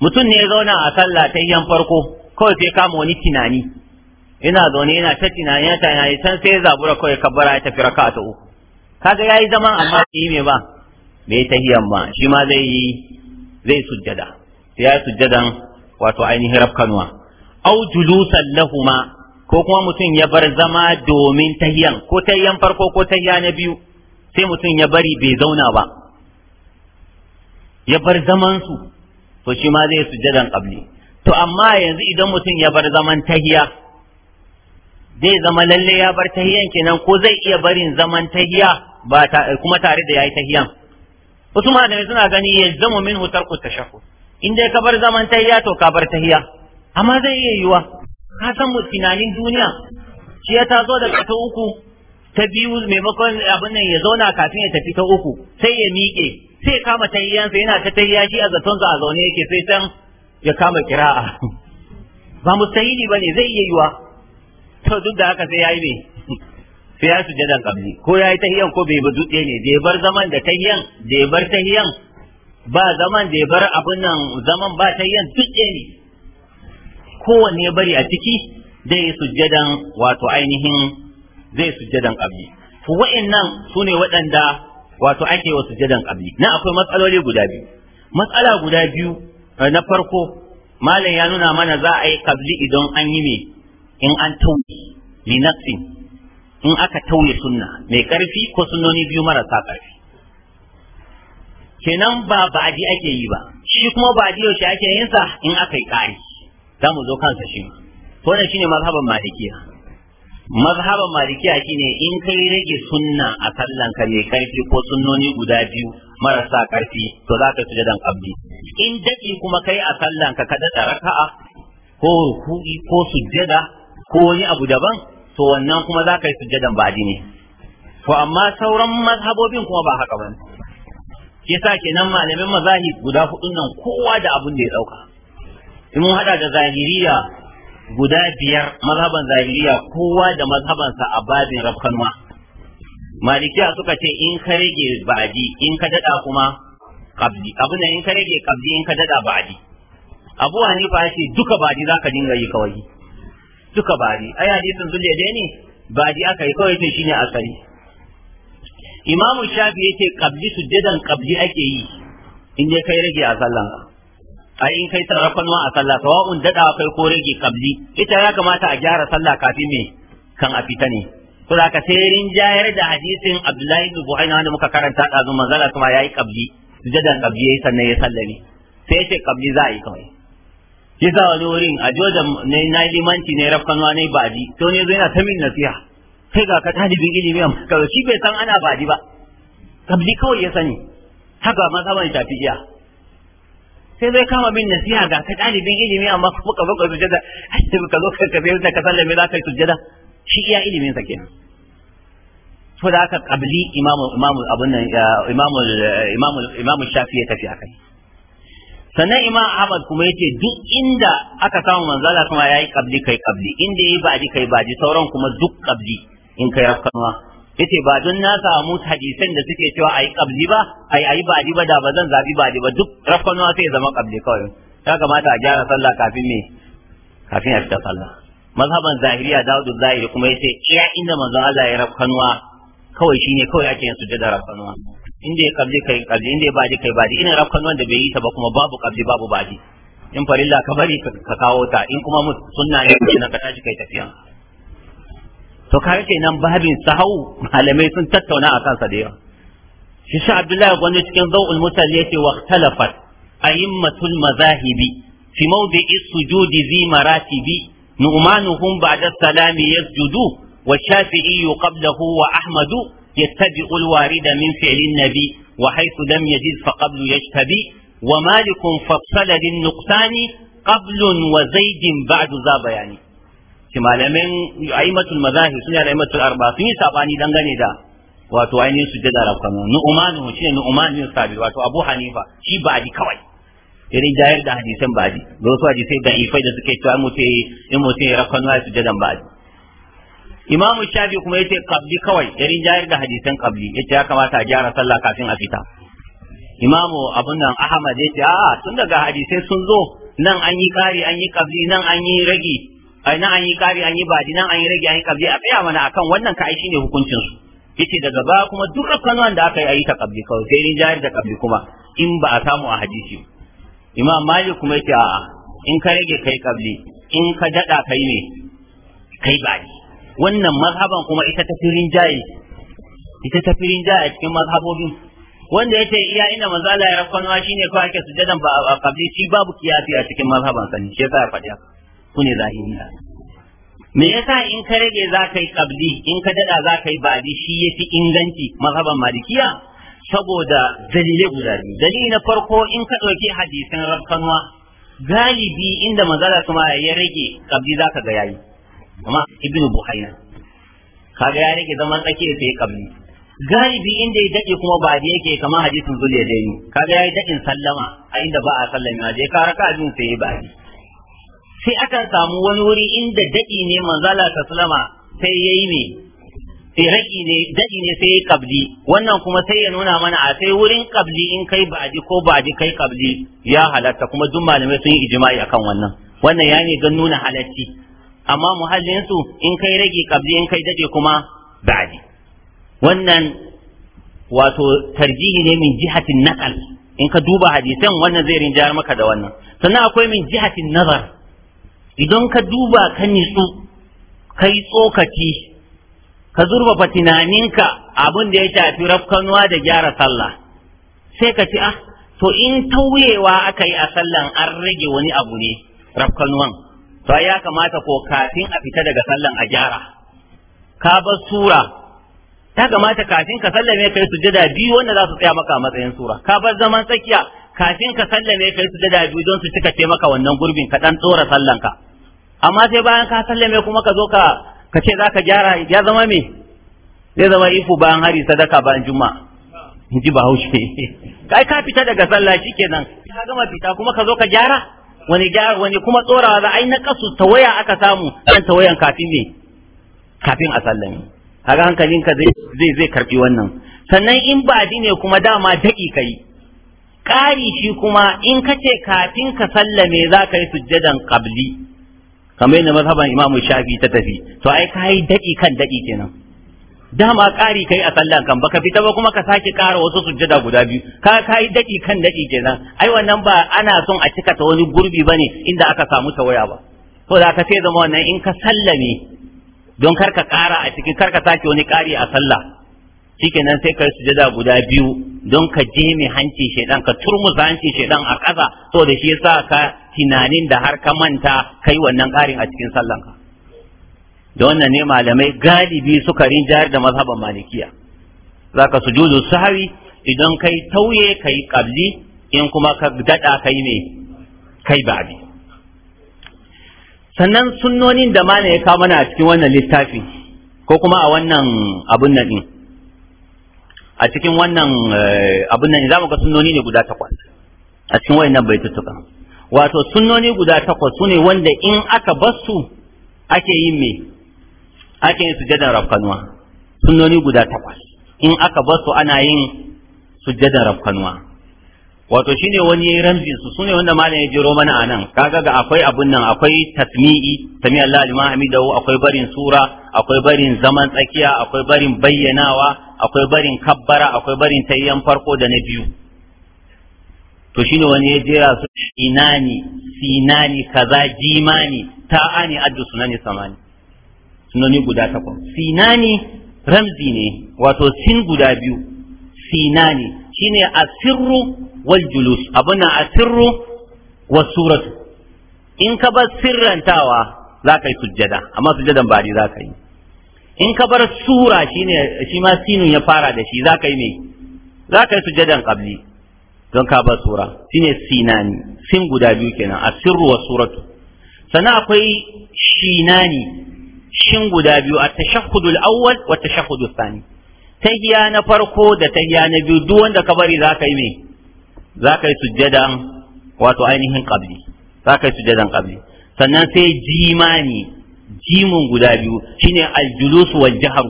mutum ne ya zauna a sallah tahiyan farko kawai sai kama wani tunani ina zaune yana ta tunani yana yi san sai ya zabura kawai kabbara ya tafi raka'a ta uku kaga yayi zama amma bai yi me ba bai tahiyan ma shi ma zai yi zai sujjada sai ya sujjadan wato ainihin rafkanuwa au julusan lahuma ko kuma mutum ya bar zama domin tahiyan ko tahiyan farko ko tahiya na biyu sai mutum ya bari bai zauna ba ya bar zamansu to shi ma zai sujjadan qabli to amma yanzu idan mutum ya bar zaman tahiya zai zama lalle ya bar tahiyan kenan ko zai iya barin zaman tahiya ba kuma tare da yayi tahiyan wasu malamai suna gani ya zama min hutar ku tashahhud in dai ka bar zaman tahiya to ka bar tahiya amma zai iya yiwa ka san mu tunanin duniya shi ya ta zo daga ta uku ta biyu maimakon abin nan ya zauna kafin ya tafi ta uku sai ya miƙe sai ya kama tayyansa yana ta tayya a zaton a zaune yake sai san ya kama kira'a ba mustahili bane zai iya yiwa to duk da haka sai yayi ne sai ya sujadan kabli ko yayi tahiyan ko bai ba dutse ne da ya bar zaman da tahiyan da ya bar tahiyan ba zaman da ya bar abin nan zaman ba tahiyan dutse ne kowanne ya bari a ciki zai yi sujjadan wato ainihin zai sujjadan kabli to wa'annan sune waɗanda wato ake wa sujjadan kabli na akwai matsaloli guda biyu matsala guda biyu eh, na farko malam ya nuna mana za a yi kabli idan an yi me in an tauye linafsin in aka tauye sunna mai karfi ko sunnoni biyu marasa karfi kenan ba ba'adi ake yi ba shi kuma ba'adi yaushe ake yin sa in aka yi kari za mu zo kansa shi to shine mazhaban malikiya mazhaban malikiya shine in kai rage sunna a sallan ka mai karfi ko sunnoni guda biyu marasa karfi to za ka fi dan abdi in daki kuma kai a sallan ka ka da raka'a ko ruku'i ko sujjada ko wani abu daban to wannan kuma za ka yi sujjadan badi ne to amma sauran mazhabobin kuma ba haka bane yasa kenan malamin mazahib guda hudun nan kowa da abun da ya dauka in mun hada da zahiriya guda biyar mazhaban zahiriya kowa da mazhabansa a babin rafkanwa malikiya suka ce in ka rage ba'adi in ka dada kuma kabdi abu ne in ka rage kabdi in ka dada ba'adi abu hanifa ya ce duka ba'adi za ka dinga yi kawai duka ba'adi ai hadisin zulle dai ne ba'adi aka yi kawai sai shine asali imamu shafi yake kabdi dadan kabdi ake yi in dai kai rage a sallan a in kai sarrafanwa a sallah sawa'un dadawa kai ko rage kabli ita ya kamata a gyara sallah kafin me kan a fita ne to da ka sai jayar da hadisin Abdullahi ibn Buhaina wanda muka karanta da zuma zala kuma yayi kabli sujadan kabli yayi sannan ya sallani, sai ce kabli za a yi kawai yasa wani wurin a joda ne na limanci ne rafkanwa ne baji to ne zai na ta min nasiha sai ga ka talibin ilimi a kawai shi bai san ana baji ba kabli kawai ya sani haka mazhaban shafi'iya sai zai kama min nasiha ga kai ɗalibin ilimi amma kuka zo ka jada, ai ka zo ka kabe da ka sallame za ka yi sujjada shi iya ilimin sa kenan to da aka kabli imamu imamu abun nan imamu imamu imamu shafi ya tafi akai sannan imam ahmad kuma yace duk inda aka samu manzala kuma yayi kabli kai kabli inda yayi ba ji kai ba ji sauran kuma duk kabli in kai rafkanwa yace ba don na samu hadisan da suke cewa ayi kabli ba ayi ayi ba ba da ba zan zabi ba ba duk rafanuwa sai zama kabli kawai ya kamata a gyara sallah kafin me kafin a fita sallah mazhaban zahiriya dawudu zahiri kuma yace iya inda manzo Allah ya rafanuwa kawai shine kawai ake yin sujjada rafanuwa inda ya kabli kai kabli inda ya baji kai baji ina rafanuwa da bai yi ta ba kuma babu kabli babu baji in farilla ka bari ka kawo ta in kuma sunna ne ka tashi kai tafiya to kaga kenan babin sahau malamai sun tattauna a kansa da yawa shi sha abdullahi gwani cikin zau'ul mutal yace wa ikhtalafat a'immatul mazahibi fi mawdi'i sujudi zi maratibi nu'manuhum ba'da salami yasjudu wa shafi'i qablahu wa ahmadu yattabi'u min fi'li an-nabi يتبع الوارد من فعل النبي وحيث لم يجد فقبل يجتبي lin-nuqtani qablun wa zaidin ba'du za bayani malamin aimatul mazahib suna da aimatul arba sun yi sabani dangane da wato ainihin umanu shi ne shine umanu yin sabi wato abu hanifa shi ba ji kawai irin jayar da hadisan ji. da wasu hadisai da ifai da suke cewa mu sai in mu ya su a ba baji imamu shafi kuma ya ce kabli kawai irin jayar da hadisan ya ce ya kamata a gyara sallah kafin a fita imamu abun nan ahmad ce a tun daga hadisai sun zo nan an yi kari an yi kabli nan an yi ragi ai nan an yi kari an yi badi nan an yi rage an yi kabli a tsaya mana akan wannan ka ai shine hukuncin su yace daga ba kuma duk rakanuwan da aka yi ayi ta kabli kawai sai jari da kabli kuma in ba a samu a hadisi imam malik kuma yace a'a in ka rage kai kabli in ka dada kai ne kai badi wannan mazhaban kuma ita ta firin jaye ita ta firin a cikin mazhabobin wanda yace iya ina manzo Allah ya rakkwanwa shine ko ake sujadan ba a kabli shi babu kiyafi a cikin mazhaban sani shi yasa ya faɗi haka Ku ne zahiriya me yasa in ka rage za ka yi kabli in ka dada za ka yi ba'di shi yafi inganci mazhaban malikiya saboda dalilai guda biyu dalili na farko in ka ɗauki hadisin rabkanwa galibi inda mazala kuma ya rage kabli za ka ga yayi amma ibnu buhaina kaga ya rage zaman tsakiyar sai kabli galibi inda ya dade kuma ba da yake kamar hadisin zuliya dai kaga yayi dadin sallama a inda ba a sallama je ka raka'a din sai ya sai akan samu wani wuri inda daɗi ne manzala ta sulama sai ya yi ne iraki ne daɗi ne sai ya kabli wannan kuma sai ya nuna mana a sai wurin kabli in kai ba'adi ko ba'adi kai kabli ya halatta kuma duk malamai sun yi ijma'i akan wannan wannan ya ne don nuna halatti amma muhallin su in kai rage kabli in kai daɗe kuma ba'adi wannan wato tarjihi ne min jihatin naqal in ka duba hadisan wannan zai rinjayar maka da wannan sannan akwai min jihatin nazar idan ka duba ka nitsu ka yi tsokaci ka zurfafa tunaninka abin da ya shafi rafkanuwa da gyara sallah sai ka ci ah to in tauyewa aka yi a sallan an rage wani abu ne rafkanuwan to ya kamata ko kafin a fita daga sallan a gyara ka bar sura ta kamata kafin ka sallame kai sujada biyu wanda za su tsaya maka a matsayin sura ka bar zaman tsakiya kafin ka sallame kai su da biyu don su cika ce maka wannan gurbin ka dan tsora sallanka amma sai bayan ka sallame kuma ka zo ka ka ce za ka gyara ya zama me zai zama ifu bayan hari sadaka bayan juma'a in ji bahaushe kai ka fita daga sallah shikenan ka gama fita kuma ka zo ka gyara wani gyara wani kuma tsorawa za ai na kasu tawaya aka samu dan tawayan kafin ne kafin a sallame kaga hankalinka zai zai karbi wannan sannan in ba ne kuma dama daki kai ƙari shi kuma in ka ce kafin ka sallame za ka yi sujjadan qabli kamar yadda mazhaban imamu shafi ta tafi to ai ka yi daɗi kan daɗi kenan dama ƙari kai a sallan kan baka fita ba kuma ka sake ƙara wasu sujjada guda biyu ka ka yi daɗi kan daɗi kenan ai wannan ba ana son a cika ta wani gurbi ba ne inda aka samu ta waya ba to da ka sai zama wannan in ka sallame don kar ka ƙara a cikin kar ka sake wani ƙari a sallah shikenan sai kai sujada guda biyu don ka je mai hanci shaidan ka turmusa hanci shaidan a ƙasa to da shi yasa ka tunanin da har ka manta kai wannan ƙarin a cikin sallanka da wannan ne malamai galibi suka rinjayar da mazhaban malikiya zaka sujudu sahawi idan kai tauye kai qabli in kuma ka dada kai ne kai babi sannan sunnonin da mana ya kawo mana a cikin wannan littafi ko kuma a wannan abun nan din a cikin wannan eh, abin nan za mu ga sunnoni ne guda takwas a cikin wayannan baitutuka wato sunnoni guda takwas sune wanda in aka basu ake yin me ake yin sujjadan rafkanuwa sunnoni guda takwas in aka basu ana yin sujjadan rafkanuwa wato shine wani yayin ramzin su sune wanda malam ya jiro mana anan kaga ga akwai abun nan akwai tasmi'i sami Allah alima hamidahu akwai barin sura akwai barin zaman tsakiya akwai barin bayyanawa akwai barin kabbara akwai barin tayyan farko da na biyu to shine wani ya jera su inani sinani kaza jimani ta'ani addu sunani samani sunani guda takwas sinani ramzi ne wato sin guda biyu sinani shine sirru wal julus abun a sirru was suratu in ka bar sirrantawa za ka yi sujjada amma sujjadan ba za ka yi in ka bar sura shine shi ma sinin ya fara da shi za ka yi me za ka yi sujjadan qabli don ka bar sura shine sinani sin guda biyu kenan a sirru was suratu sannan akwai shinani shin guda biyu at-tashahhudul awwal wa at-tashahhudul thani tahiya na farko da tahiya na biyu duk wanda ka bari za ka yi me za ka yi sujjadan wato ainihin qabli za ka yi sujjadan qabli sannan sai jimani jimin guda biyu shine aljulus wal jahr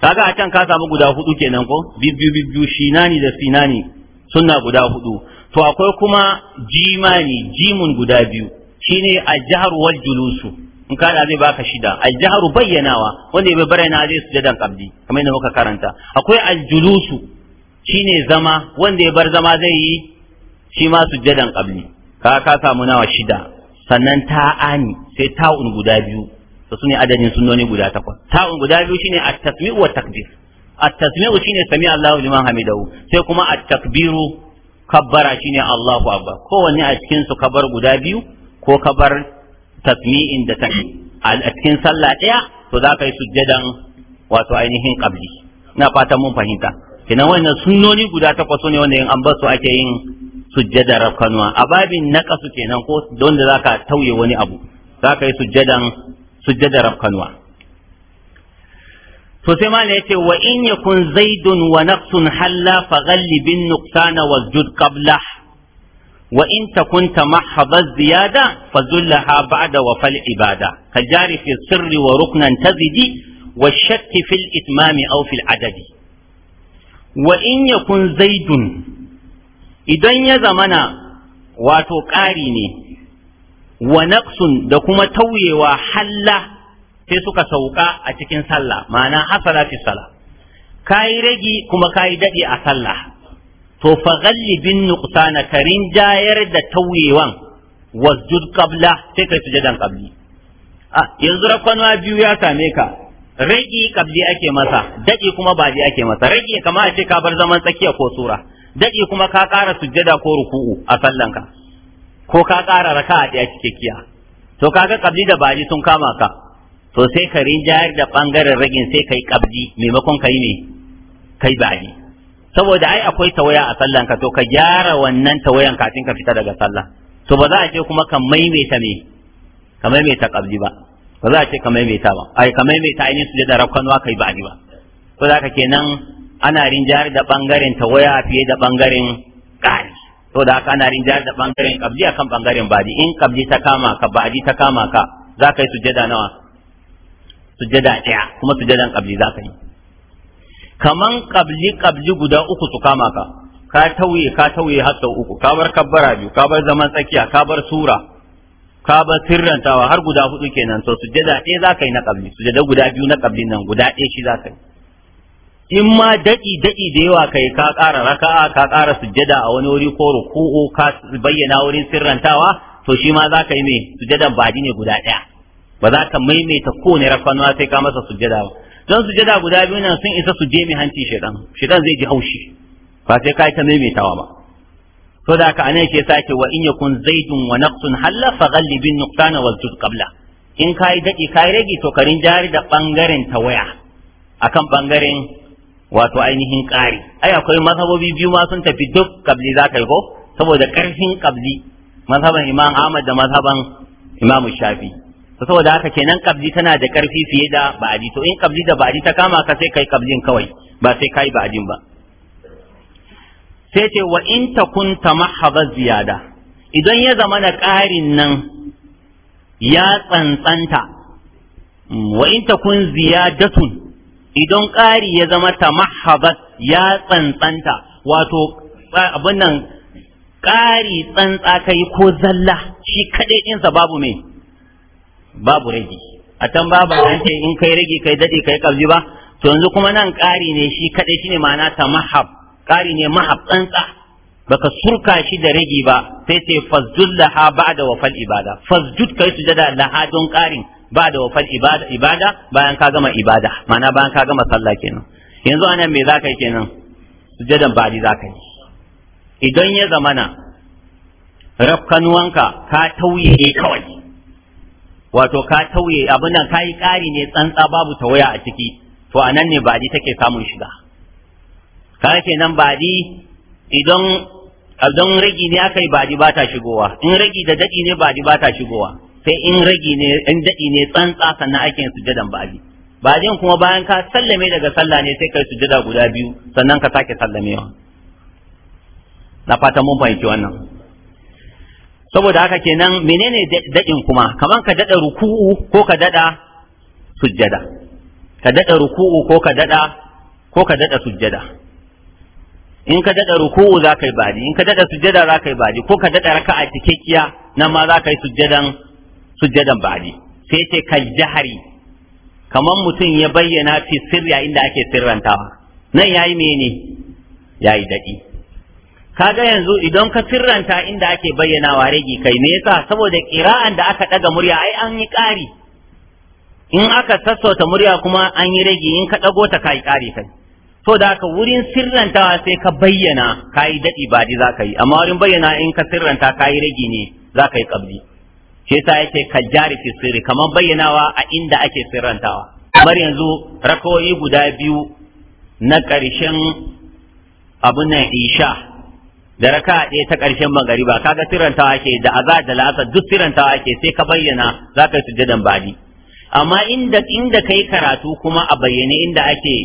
kaga a can ka samu guda hudu kenan ko bibbiyu bibbiyu shinani da sinani sunna guda hudu to akwai kuma jimani jimun guda biyu shine ne jahr wal julusu in ka zai baka shida aljaharu bayyanawa wanda bai bayyana zai sujadan qabli kamar yadda muka karanta akwai aljulusu shine zama wanda ya bar zama zai yi shi ma sujadan qabli ka ka samu nawa shida sannan ta'ani sai ta'un guda biyu to sune adadin sunnoni guda takwas ta'un guda biyu shine at-tasmi'u wa takbir at-tasmi'u shine sami Allahu liman hamidahu sai kuma at-takbiru kabbara shine Allahu akbar kowanne a cikin su kabar guda biyu ko kabar tasmi'in da tashi a cikin sallah ɗaya to za ka yi sujjadan wato ainihin ƙabli na fatan mun fahimta kenan wannan sunnoni guda takwas ne wanda in an bar su ake yin sujjadar rafkanuwa a babin naqasu kenan ko don da zaka tauye wani abu ka yi sujjadan sujjadar rafkanuwa to sai ma yace wa in yakun zaidun wa naqsun halla fa ghallibin nuqsana wasjud qablah وإن تكن تمحض الزيادة فذلها بعد وفى العبادة كالجار في السر وركن تزدي والشك في الإتمام أو في العدد وإن يكن زيد إذن يزمنا واتقارني ونقص دكما توي وحلّ في سوكا sauka a cikin sallah ma'ana hasala fi sallah kayi ragi kuma dadi a sallah to fa ghallibin nuqtana karin jayar da tauyewan wasjud qabla sai kai sujudan qabli a yanzu rakwana biyu ya same ka rage qabli ake masa daɗi kuma baji ake masa rage kamar a ce ka bar zaman tsakiya ko sura daɗi kuma ka ƙara sujjada ko ruku'u a sallanka ko ka ƙara raka a ɗaya cikakkiya to kaga qabli da baji sun kama ka to sai ka rinjayar da ɓangaren ragin sai kai qabli maimakon kai ne kai baji saboda ai akwai tawaya a sallan ka to ka gyara wannan tawayan kafin ka fita daga sallah to ba za a ce kuma ka maimaita me ka maimaita kabli ba ba za a ce ka maimaita ba ai ka maimaita ainihin sujada rakkanwa kai ba ba ko za ka kenan ana rinjayar da bangaren tawaya fiye da bangaren ƙari to da haka ana rinjayar da bangaren kabli akan bangaren baji in kabli ta kama ka baji ta kama ka za ka yi sujjada nawa sujjada ɗaya kuma sujjadan kabli za ka yi kaman qabli qabli guda uku su kama ka ka tauye ka tauye har sau uku ka bar kabbara biyu ka bar zaman tsakiya ka bar sura ka bar sirrantawa har guda hudu kenan to jada ɗaya za ka yi na qabli jada guda biyu na qabli nan guda ɗaya shi za ka yi in ma daɗi daɗi da yawa kai ka ƙara raka'a ka ƙara jada a wani wuri ko ruku'u ka bayyana wurin sirrantawa to shi ma za ka yi mai sujjadan baji ne guda ɗaya ba za ka maimaita kowane rafanuwa sai ka masa jada ba don sujada guda biyu nan sun isa su je mai hanci shaitan shaitan zai ji haushi ba sai kai ta maimaitawa ba to da anan shi yasa wa in yakun zaitun wa naqsun halla fa ghalibin nuqsana wal juz qabla in kai daki kai rage to karin jari da bangaren tawaya akan bangaren wato ainihin kari. ai akwai mazhabobi biyu ma sun tafi duk kabli za ka yi ko saboda ƙarfin kabli mazhaban imam ahmad da mazhaban imam shafi to saboda haka kenan kabji tana da karfi fiye da ba'adi to in kabji da ba'adi ta kama ka sai kai kabjin kawai ba sai kai ba'adin ba sai ce wa in ta tamahhaba ziyada idan ya zama na ƙarin nan ya tsantsanta wa in kun ziyadatun idan ƙari ya zama tamahhabat ya tsantsanta wato abin nan ƙari tsantsa kai ko zalla shi kaɗai ɗinsa babu mai babu rage a can babu an ce in kai rage kai dade kai kalbi ba to yanzu kuma nan ƙari ne shi kaɗai shine ma'ana ta mahab ƙari ne mahab tsantsa baka surka shi da rage ba sai ce fazdul laha ba'da wafal ibada fazdud kai sujada laha don ƙarin ba'da wafal ibada ibada bayan ka gama ibada ma'ana bayan ka gama sallah kenan yanzu anan me zaka yi kenan sujadan ba'di zaka yi idan ya zamana rafkanuwanka ka tauye kawai wato ka tauye abin nan kai ƙari ne tsantsa babu tawaya a ciki to anan ne baɗi take samun shiga ka nan baɗi idan idan ragi ne aka yi baɗi ba ta shigowa in ragi da daɗi ne baɗi ba ta shigowa sai in ragi ne in daɗi ne tsantsa sannan ake yin sujjadan baɗi baɗin kuma bayan ka sallame daga sallah ne sai kai sujjada guda biyu sannan ka sake sallamewa na fata mun fahimci wannan saboda haka kenan menene daɗin kuma kaman ka daɗa ruku'u ko ka daɗa sujjada ka daɗa ruku'u ko ka daɗa ko ka daɗa sujjada in ka daɗa ruku'u za ka yi baji in ka daɗa sujjada za ka yi baji ko ka daɗa raka'a cikakkiya nan ma za ka yi sujjadan sujjadan baji sai ce ka jahari kaman mutum ya bayyana fi sirri inda ake sirrantawa nan yayi mene yayi daɗi Ka ga yanzu idan ka sirranta inda ake bayyana wa rage kai me yasa saboda kira'an da aka daga murya ai an yi ƙari in aka sassauta murya kuma an yi rage in ka dago ta kai ƙari kai to da wurin sirrantawa sai ka bayyana kai dadi ba di za ka yi amma wurin bayyana in ka sirranta kai rage ne za ka yi kabli shi yasa yake ka jari fi sirri kamar bayyanawa a inda ake sirrantawa kamar yanzu rakoyi guda biyu na ƙarshen abun nan isha da raka ɗaya ta ƙarshen magariba kaga sirantawa ake da za da lasa duk sirantawa ake sai ka bayyana za ka yi sujjadan baɗi amma inda inda kai karatu kuma a bayyane inda ake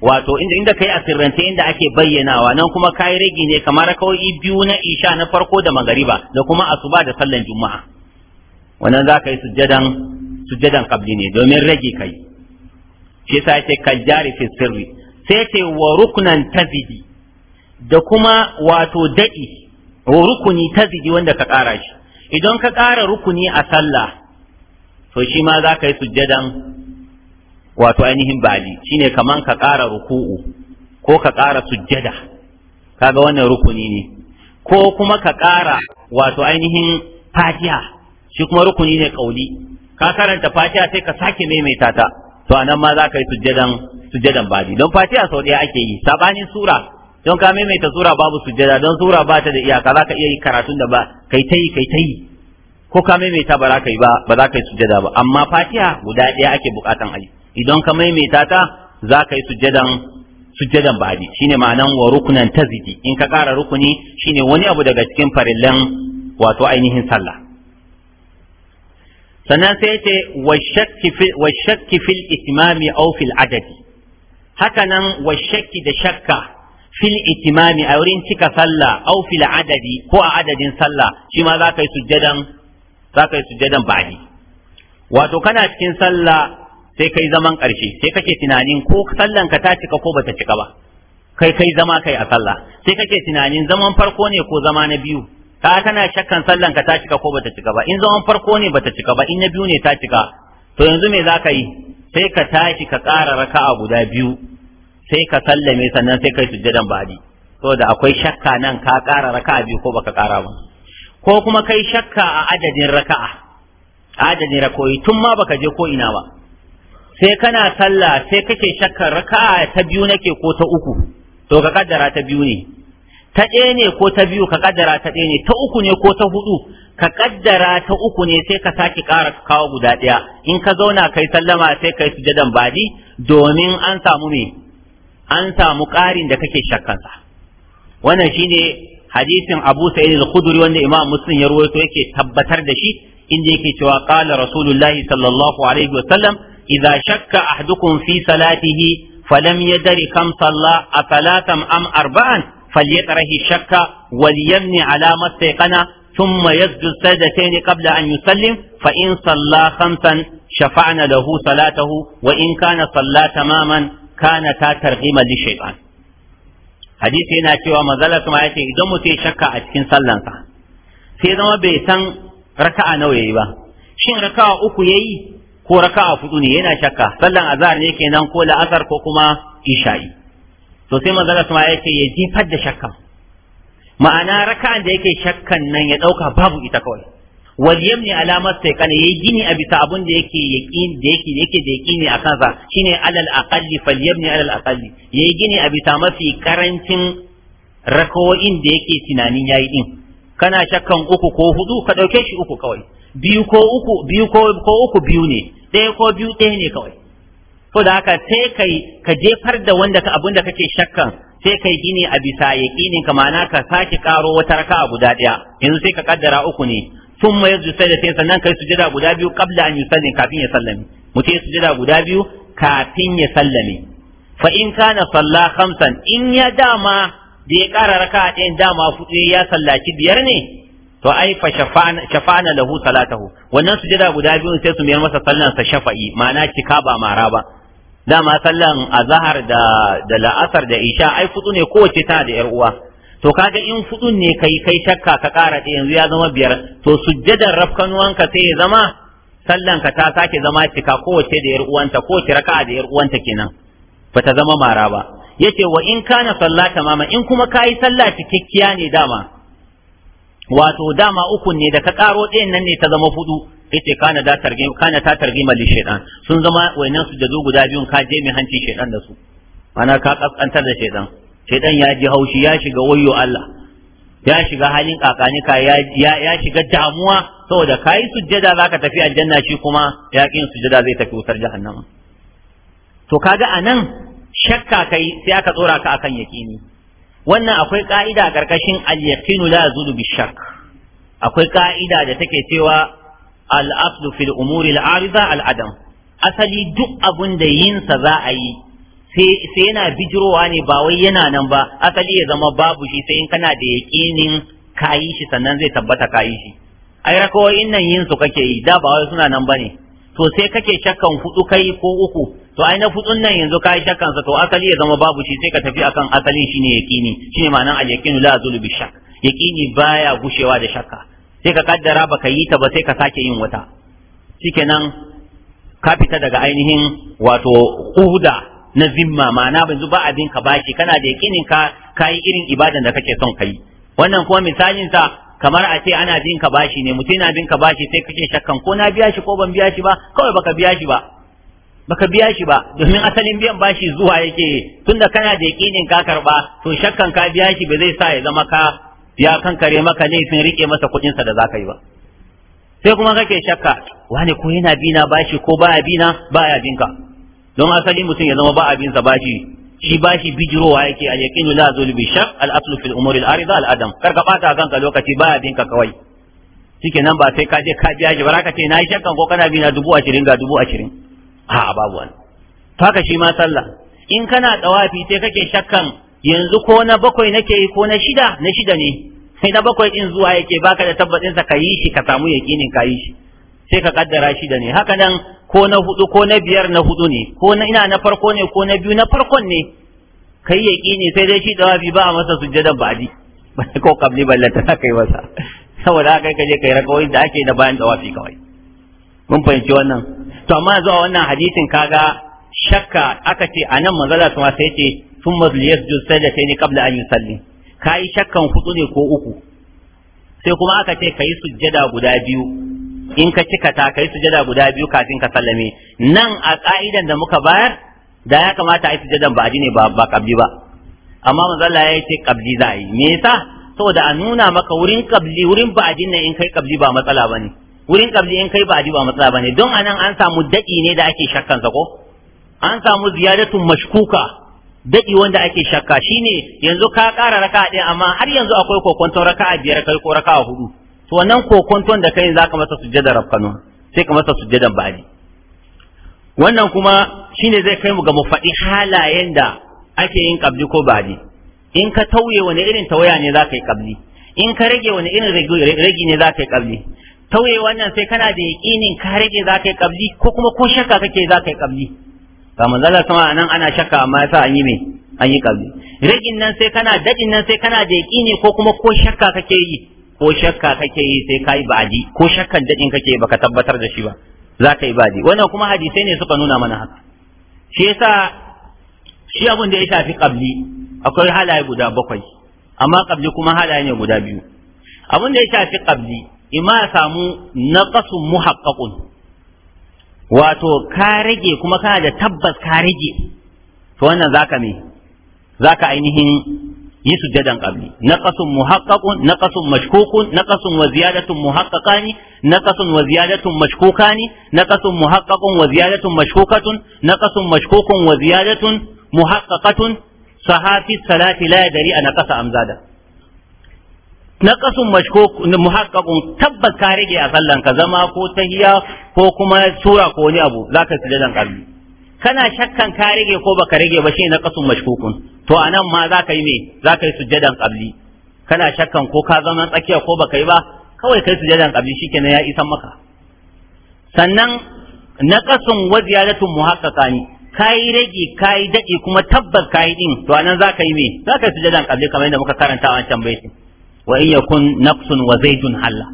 wato inda inda kai a sirrance inda ake bayyanawa nan kuma kai rage ne kamar rakawai biyu na isha na farko da magariba da kuma asuba da sallan juma'a wannan za ka yi sujjadan sujjadan qabli ne domin rage kai shi yasa yace kan jari fi sirri sai ce wa ruknan tazidi da kuma wato daɗi rukuni ta zigi wanda ka kara shi idan ka ƙara rukuni a sallah to shi ma za ka yi sujjadan wato ainihin bali ne kamar ka ƙara ruku'u ko ka ƙara sujjada kaga wannan rukuni ne ko kuma ka ƙara wato ainihin fatiha shi kuma rukuni ne ƙauli ka karanta fatiha sai ka sake maimaita ta to anan ma za ka yi sujjadan sujjadan bali don fatiha sau ɗaya ake yi sabanin sura don ka maimaita sura babu sujada, don sura ba ta da iyaka za ka iya yi karatun da ba kai ta yi kai ta yi ko ka maimaita ba za ka yi ba ba za ka yi sujjada ba amma fatiha guda ɗaya ake bukatan ayi idan ka maimaita ta za ka yi sujjadan sujjadan ba'adi shine ma'anan wa rukunan tazidi in ka ƙara rukuni shine wani abu daga cikin farillan wato ainihin sallah sannan sai ce wa shakki fil itimami au fil adadi haka nan wa shakki da shakka fil itimami a wurin cika sallah au fil adadi ko a adadin sallah shi ma za ka yi sujjadan za ka yi sujjadan ba'di wato kana cikin sallah sai kai zaman ƙarshe sai kake tunanin ko sallan ka ta cika ko bata cika ba kai kai zama kai a sallah sai kake tunanin zaman farko ne ko zama na biyu ka kana shakkan sallan ka ta cika ko bata cika ba in zaman farko ne bata cika ba in na biyu ne ta cika to yanzu me za ka yi sai ka tashi ka ƙara raka'a guda biyu sai ka sallame sannan sai kai sujjadan ba'di saboda akwai shakka nan ka ƙara raka'a biyu ko baka ƙara ba ko kuma kai shakka a adadin raka'a adadin rakoyi tun ma baka je ko ina ba sai kana sallah sai kake shakkar raka'a ta biyu nake ko ta uku to ka kaddara ta biyu ne ta ɗaya ne ko ta biyu ka kaddara ta ɗaya ne ta uku ne ko ta hudu ka kaddara ta uku ne sai ka sake ƙara kawo guda ɗaya in ka zauna kai sallama sai kai sujjadan badi domin an samu me an samu ƙarin da kake shakkansa wannan shine hadisin Abu Sa'id al-Khudri wanda Imam Muslim ya rawaito yake tabbatar da shi inda yake cewa qala Rasulullahi sallallahu alaihi wa sallam idza shakka ahadukum fi salatihi falam yadri kam salla a salatam am arba'an falyatrahi shakka walyamni ala ma sayqana thumma yasjud sajdatayn qabla an yusallim fa in salla khamsan shafa'na lahu salatahu wa in kana salla kana ta targhima li shaytan hadisi yana cewa manzala kuma yace idan mutum ya shakka a cikin sallansa sai zama bai san raka'a nawa yayi ba shin raka'a uku yayi ko raka'a hudu ne yana shakka sallan azhar ne kenan ko la'asar ko kuma isha'i to sai manzala kuma yace ya jifar da shakkan ma'ana raka'an da yake shakkan nan ya dauka babu ita kawai Waliyam wal yamni sai kana yayi gini a bisa abun da yake yaqin da yake yake da yaqini akan sa shine alal aqalli fal ne alal aqalli yayi gini a bisa mafi karancin rakawoyin da yake tunanin yayi din kana shakkan uku ko hudu ka dauke shi uku kawai biyu ko uku biyu ko ko uku biyu ne ɗaya ko biyu ɗaya ne kawai ko da haka sai kai ka jefar da wanda ka abun da kake shakkan sai kai gini a bisa yaqinin ka ma'ana ka sake karo wata raka'a guda ɗaya yanzu sai ka kaddara uku ne thumma yasjudu sai sannan kai sujada guda biyu qabla an kafin ya sallame mutum ya sujada guda biyu kafin ya sallame fa in kana salla khamsan in ya dama da ya kara raka ɗayan dama fuɗe ya sallaci biyar ne to ai fa shafa'ana lahu salatahu wannan sujada guda biyu sai su mayar masa sallan shafa'i ma'ana cika ba mara ba dama sallar azahar da da la'asar da isha ai fudu ne kowace tana da yar uwa to kaga in fudun ne kai kai shakka ka kara da yanzu ya zama biyar to sujjadar rafkanuwanka sai ya zama sallanka ta sake zama cika kowace da yar uwanta ki raka'a da yar uwanta kenan ba ta zama mara ba yace wa in kana sallata mama in kuma kayi sallah cikakkiya ne dama wato dama uku ne da ka karo ɗayan nan ne ta zama hudu yace kana da targim kana ta targima li shaytan sun zama wayannan sujjadu guda biyun ka je mai hanci shaytan da su ana ka kaskantar da shaytan shaidan ya ji haushi ya shiga wayo Allah ya shiga halin kakanika ya shiga damuwa saboda kai sujjada zaka tafi aljanna shi kuma ya sujada, sujjada zai tafi wutar jahannama to kaga anan shakka yi, sai aka tsora ka akan yaƙini wannan akwai ka'ida a ƙarƙashin al la yazulu bi-shakk akwai ka'ida da take cewa al-aslu fil umuri al-arida al-adam asali duk abun da yinsa za a yi sai yana bijirowa ne ba wai yana nan ba asali ya zama babu shi sai in kana da yaƙinin kayi shi sannan zai tabbata kayi shi ai rakawoyin nan yin su kake yi da ba wai suna nan ba ne. to sai kake shakkan hudu kai ko uku to ai na hudun nan yanzu kai shakkan sa to asali ya zama babu shi sai ka tafi akan asali shine yaƙini shine ma'anan al-yaqinu la zulu bi shakk yaƙini baya gushewa da shakka sai ka kaddara baka yi ta ba sai ka sake yin wata shikenan ka fita daga ainihin wato huda. na zimma ma'ana yanzu ba abin ka bashi kana da yakinin ka kai irin ibadan da kake son kai wannan kuma misalin sa kamar a ce ana bin ka bashi ne mutum yana bin ka bashi sai kake shakkan ko na biya shi ko ban biya shi ba kawai baka biya shi ba baka biya shi ba domin asalin biyan bashi zuwa yake tunda kana da yakinin ka karba to shakkan ka biya shi ba zai sa ya zama ka ya kankare maka ne sun rike masa kuɗin sa da zaka yi ba sai kuma kake shakka wane ko yana bina bashi ko baya bina baya binka don asali mutum ya zama ba abin sa bashi shi bashi bijirowa yake a yaqinu la zul bi shaq al aslu fil umuri al arida al adam kar ka bata kanka lokaci ba abin ka kawai nan ba sai ka je ka ji ba ka ce na yi shakkan ko kana bi na dubu ashirin ga dubu ashirin a babu wani haka shi ma sallah in kana tsawafi sai kake shakkan yanzu ko na bakwai nake yi ko na shida na shida ne sai na bakwai din zuwa yake baka da tabbacin sa ka yi shi ka samu yaqinin ka yi shi sai ka kaddara shi da ne haka nan ko na hudu ko na biyar na hudu ne ko na ina na farko ne ko na biyu na farkon ne kai yaki ne sai dai shi dawafi ba a masa sujjadan di ko kabli ballata ta kai masa saboda haka kai kai kai rakawoyi da ake da bayan dawafi kawai mun fahimci wannan to amma zuwa wannan hadisin kaga shakka aka ce anan manzala su ma sai ce thumma liyasjud sajdatayni qabla an yusalli kai shakkan hudu ne ko uku sai kuma aka ce kai sujjada guda biyu in ka cika ta kai sujada guda biyu kafin ka sallame nan a ka'idan da muka bayar da ya kamata a yi sujadan ba ne ba ba kabji ba amma manzo Allah ya ce kabji za yi me yasa saboda a nuna maka wurin kabji wurin ba'adin ne in kai kabji ba matsala bane wurin kabji in kai ba'adi ba matsala bane don a nan an samu daɗi ne da ake shakkan sa ko an samu ziyadatun mashkuka daɗi wanda ake shakka shine yanzu ka ƙara raka ɗaya amma har yanzu akwai kokonton raka'a biyar kai ko raka'a hudu to wannan kokonton da kai zaka masa sujjada rafkanu sai ka masa sujjadan bari wannan kuma shine zai kai mu ga mu faɗi halayen da ake yin kabli ko bari in ka tauye wani irin tawaya ne zaka yi kabli in ka rage wani irin ragi ne zaka yi kabli tauye wannan sai kana da yaƙinin ka rage zaka yi kabli ko kuma ko shakka kake zaka yi kabli ga manzala sama anan ana shakka amma yasa an yi me an yi kabli ragin nan sai kana dadin nan sai kana da yaƙini ko kuma ko shakka kake yi ko shakka kake yi sai kai ba'di ko shakkan dadin kake yi baka tabbatar da shi ba za ka yi ba'di wannan kuma hadisai ne suka nuna mana haka shi yasa shi abin da ya shafi qabli akwai halaye guda bakwai amma qabli kuma halaye ne guda biyu abin da ya shafi qabli ima samu naqasun muhaqqaqun wato ka rage kuma kana da tabbas ka rage to wannan zaka me zaka ainihin yi sujadan qabli naqasun muhaqqaqun naqasun mashkukun naqasun wa ziyadatun muhaqqaqani naqasun wa ziyadatun mashkukani naqasun muhaqqaqun wa ziyadatun mashkukatun naqasun mashkukun wa ziyadatun muhaqqaqatun sahafi salati la yadri ana qasa amzada naqasun mashkuk muhaqqaqun tabbas ka rage a sallan ka zama ko tahiya ko kuma sura ko wani abu zaka sujadan qabli kana shakkan ka rage ko baka rage ba shi na kasun mashkukun to anan ma za ka yi me za ka yi sujjadan qabli kana shakkan ko ka zama tsakiya ko baka yi ba kawai kai sujjadan qabli shikenan ya isan maka sannan na kasun wa ziyadatun muhaqqaqa ne kai rage kai dadi kuma tabbas kai din to anan za ka yi me za ka yi sujjadan qabli kamar yadda muka karanta a wancan baitin wa in yakun naqsun wa zaidun halla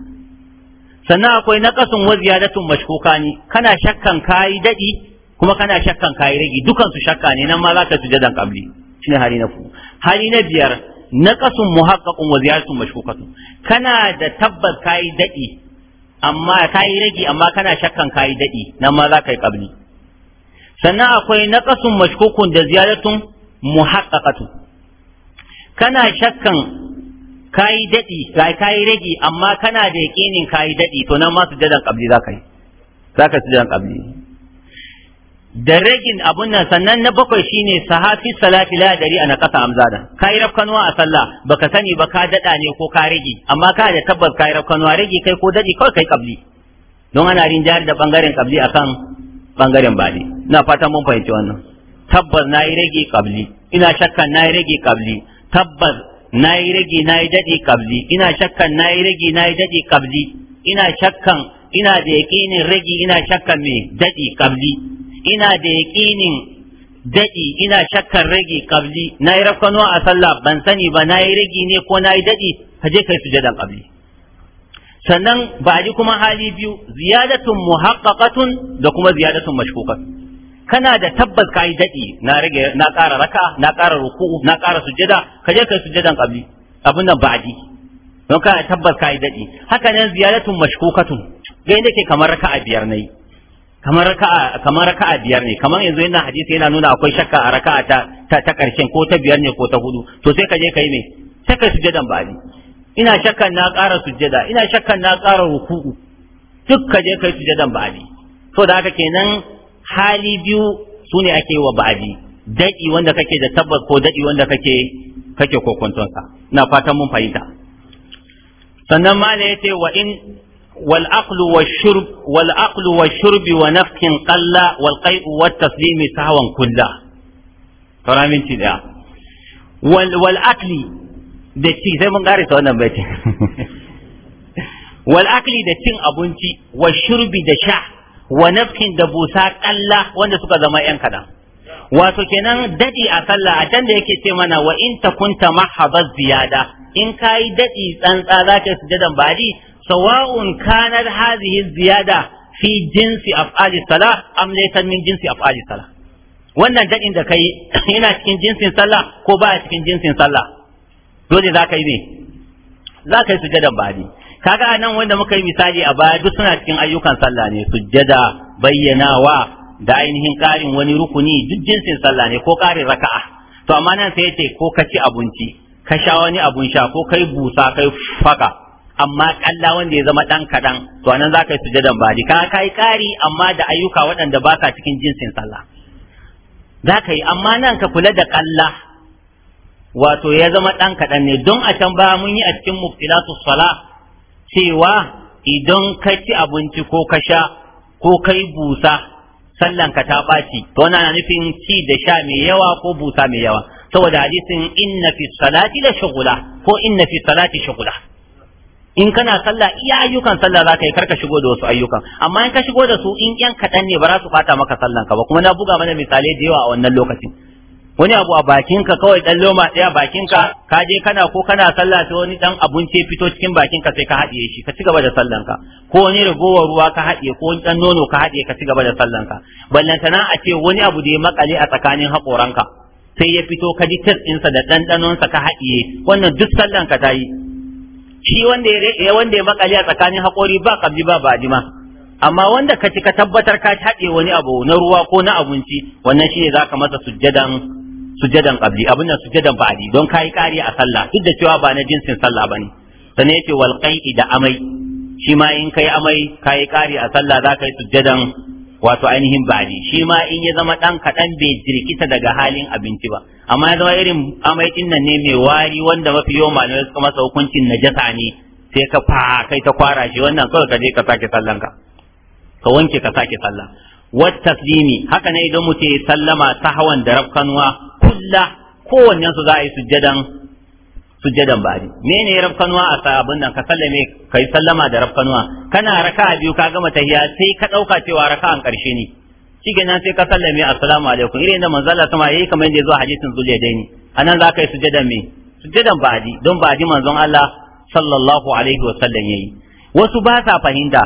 sannan akwai naqasun wa ziyadatun mashkuka ne kana shakkan kai dadi kuma kana shakkan kayi rage dukan su shakka ne nan ma za ka sujadan qabli shine hali na ku hali na biyar naqasun muhaqqaqun wa ziyaratun mashkukatun kana da tabbas kayi dadi amma kayi rage amma kana shakkan kayi dadi nan ma za ka yi qabli sannan akwai naqasun mashkukun da ziyaratun muhaqqaqatun kana shakkan kayi dadi kai kayi rage amma kana da yaƙinin kayi dadi to nan ma sujadan qabli za ka yi za ka sujadan qabli da ragin abun nan sannan na bakwai shine sahafi salati la dari ana kasa amzada kai rafkanuwa a sallah baka sani ba ka dada ne ko ka rage amma ka da tabbas kai rafkanuwa rage kai ko dadi kawai kai kabli don ana jari da bangaren kabli akan bangaren bali ina fatan mun fahimci wannan tabbas nayi rage kabli ina shakkan nayi rage kabli tabbas nayi rage nayi dadi kabli ina shakkan nayi rage nayi dadi kabli ina shakkan ina da yaqinin rage ina shakkan me dadi kabli ina da yaƙinin daɗi ina shakkar rage kabli na yi rafkanuwa a sallah ban sani ba na yi rage ne ko na yi daɗi ka je kai sujadan kabli sannan ba ji kuma hali biyu ziyadatun muhaqqaqatun da kuma ziyadatun mashkukat kana da tabbas ka yi daɗi na rage na ƙara raka na ƙara ruku na ƙara sujada ka je kai sujadan kabli abin nan ba a ji don kana tabbas ka yi daɗi haka nan ziyadatun mashkukatun ga inda ke kamar raka'a biyar na yi kamar raka'a kamar raka'a biyar ne kamar yanzu yana hadisi yana nuna akwai shakka a raka'a ta ta, ta karshen ko ta biyar ne ko ta hudu to sai ka je kai me sai ka sujjadan ba'di ina shakkan na ƙara sujjada ina shakkan na ƙara ruku'u duk ka je kai sujjadan ba'di to da haka kenan hali biyu sune ake wa ba'di dadi wanda kake da tabbas ko dadi wanda kake kake kokonton sa ina fatan mun fahimta sannan ma ne yace wa in والعقل والشرب والعقل والشرب ونفك قلا والقيء والتسليم سهوا كلا ترى من تدا والأكل ci sai mun karisa akli da cin abinci wa shurbi da sha wa nafkin da busa kalla wanda suka zama yan kadan wato kenan daɗi a sallah a can da yake ce mana wa in takunta mahabaz ziyada in kai daɗi tsantsa zaka sujadan bari sawa'un kanar hadhihi ziyada fi jinsi af'ali salah am laysa min jinsi af'ali salah wannan dadin da kai yana cikin jinsin sallah ko baya cikin jinsin sallah dole za ka yi ne za ka yi sujjadan bani kaga anan wanda muka yi misali a baya duk suna cikin ayyukan sallah ne sujjada bayyanawa da ainihin ƙarin wani rukuni duk jinsin sallah ne ko ƙarin raka'a to amma nan sai yace ko ka ci abinci ka sha wani abun sha ko kai busa kai faka amma kalla wanda ya zama dan kadan to anan za ka yi sujadan badi ka kai kari amma da ayyuka waɗanda ba ka cikin jinsin sallah za ka yi amma nan ka kula da kalla wato ya zama dan kadan ne don a can ba mun yi a cikin muftilatu sala cewa idan ka ci abinci ko ka sha ko kai busa sallanka ta ɓaci to ana nufin ci da sha mai yawa ko busa mai yawa saboda hadisin inna fi salati la shughula ko inna fi salati shughula in kana sallah iya ayyukan sallah zaka yi karka shigo da wasu ayyukan amma in ka shigo da su in yan kadan ne ba za su fata maka sallan ka ba kuma na buga mana misalai da yawa a wannan lokacin wani abu a bakin ka kawai dan loma ɗaya bakin ka je kana ko kana sallah sai wani dan ce fito cikin bakin ka sai ka haɗiye shi ka ci gaba da sallan ka ko wani ragowar ruwa ka haɗiye ko wani dan nono ka haɗiye ka cigaba da sallan ka ballantana a ce wani abu da ya makale a tsakanin haƙoranka sai ya fito ka ji tis ɗinsa da ɗanɗanonsa ka haɗiye wannan duk sallan ka ta yi shi wanda ya wanda ya makale a tsakanin haƙori ba kabi ba badima amma wanda ka ci ka tabbatar ka haɗe wani abu na ruwa ko na abinci wannan shi za zaka masa sujjadan sujjadan qabli abin sujjadan ba'di don kayi kari a sallah duk da cewa ba na jinsin sallah bane sannan yace wal qai'i da amai shi ma in kai amai kai kari a sallah za ka yi sujjadan wato ainihin bali shi ma in ya zama dan kaɗan bai jirkita daga halin abinci ba amma ya zama irin amai nan ne mai wari wanda mafi yawan ma'anar suka masa hukuncin najasa ne sai ka fa kai ta kwara shi wannan kawai ka je ka sake sallan ka ka wanke ka sake sallah wat taslimi haka ne idan mu ya sallama hawan da rafkanuwa kulla kowannen su za a yi sujjadan sujjadan ba'di mene rafkanuwa a abin nan ka sallame kai sallama da rafkanuwa kana raka'a biyu ka gama tahiyya sai ka dauka cewa raka'an karshe ne shikenan sai ka sallame assalamu alaikum irin da manzo Allah sama yayi kamar yadda zuwa hadisin zuliyadaini anan za ka yi sujjadan me sujjadan ba'di don ba'di manzon Allah sallallahu alaihi wa sallam yayi wasu ba sa fahimta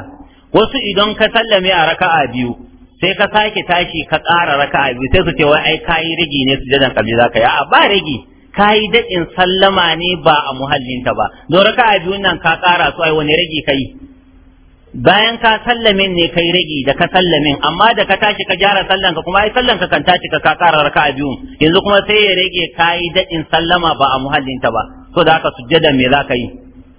wasu idan ka sallame a raka'a biyu sai ka sake tashi ka ƙara raka'a biyu sai su ce wai ai kayi rigi ne sujadan za ka yi a ba rigi ka yi daɗin sallama ne ba a muhallinta ba don raka a biyun nan ka ƙara su ai wani rage ka yi bayan ka sallamin ne kai rage da ka sallamin amma da ka tashi ka gyara sallan ka kuma ai sallan ka kan tashi ka ƙara raka a biyun yanzu kuma sai ya rage ka yi daɗin sallama ba a muhallinta ba So da haka sujjadan me za ka yi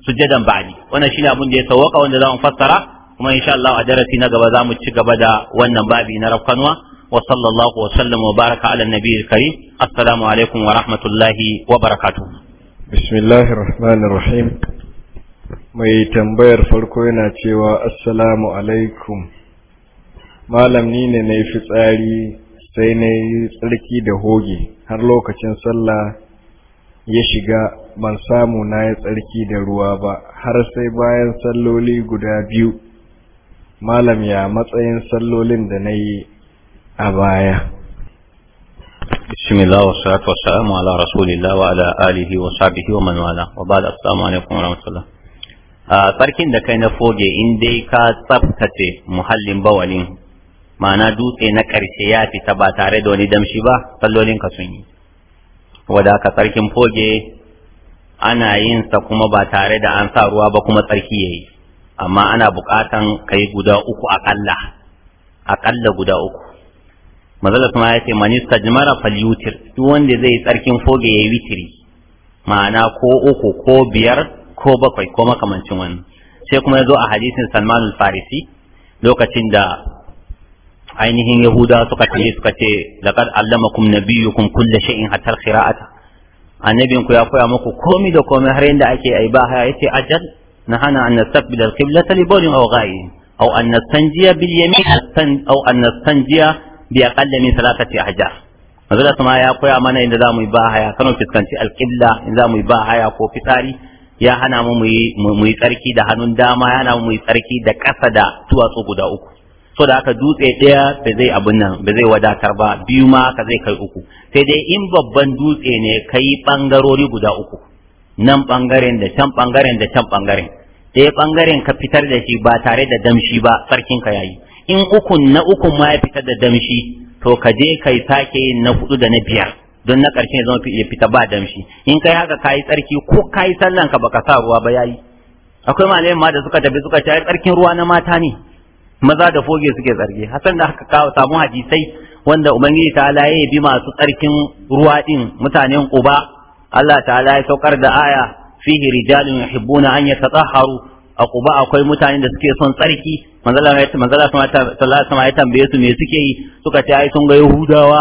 sujjadan ba'di wannan shine abin da ya sawwaka wanda za mu fassara kuma insha Allah a darasi na gaba za mu ci gaba da wannan babi na rafkanwa وصلى الله وسلم وبارك على النبي الكريم السلام عليكم ورحمة الله وبركاته بسم الله الرحمن الرحيم mai tambayar farko yana cewa assalamu alaikum malam ni ne na fi fitsari sai na yi tsarki da hoge har lokacin sallah ya shiga ban samu na yi tsarki da ruwa ba har sai bayan salloli guda biyu malam ya matsayin sallolin da na yi a baya bismillah wa salatu wa salamu ala rasulillah wa ala alihi wa sahbihi wa man wala wa ba'da assalamu alaikum wa rahmatullah a tsarkin da kai na foge in dai ka tsaftace muhallin bawalin ma'ana dutse na ƙarshe ya fita ba tare da wani damshi ba ka sun yi wadda ka tsarkin foge ana yin sa kuma ba tare da an sa ruwa ba kuma tsarki ya yi amma ana buƙatan ka yi guda uku a aƙalla guda uku mazala kuma ya ce mani stajmara fal duk wanda zai yi tsarkin foge ya yi witiri ma'ana ko uku ko biyar ko bakwai ko makamancin wani sai kuma ya zo a hadisin salman farisi lokacin da ainihin yahuda suka ce suka ce laqad allamakum nabiyyukum kulla shay'in hatta qira'ata annabin ku ya koya muku komai da komai har yanda ake ai ba haya yace ajal nahana an nastaqbil al-qiblata li bawlin aw ghayrin aw an nastanjiya bil yamin aw an nastanjiya bi aqalla min salasati ahjar manzo kuma ya koya mana inda zamu yi bahaya kano fiskanci alqibla in zamu yi bahaya ko fitsari ya hana mu mu yi tsarki da hannun dama ya hana mu yi tsarki da kasa da duwatsu guda uku so da aka dutse daya ba zai abin nan ba zai wadatar ba biyu ma ka zai kai uku sai dai in babban dutse ne kai bangarori guda uku nan ɓangaren da can ɓangaren da can ɓangaren ɗaya bangaren ka fitar da shi ba tare da damshi ba sarkin ka yayi in ukun na ukun ma ya fita da damshi to ka je kai sake yin na hudu da na biyar don na karshe zama ya fita ba damshi in kai haka kayi tsarki ko kayi sallan ka baka sa ruwa ba yayi akwai malamin ma da suka tafi suka ce tsarkin ruwa na mata ne maza da foge suke tsarki hasan da haka kawo samu hadisai wanda ubangiji ta ala ya bi masu tsarkin ruwa din mutanen uba Allah ta'ala ya saukar da aya fihi rijalun yuhibbuna an yatatahharu a Quba akwai mutane da suke son tsarki manzala manzala ya tambaye su me suke yi suka ce ai sun ga Yahudawa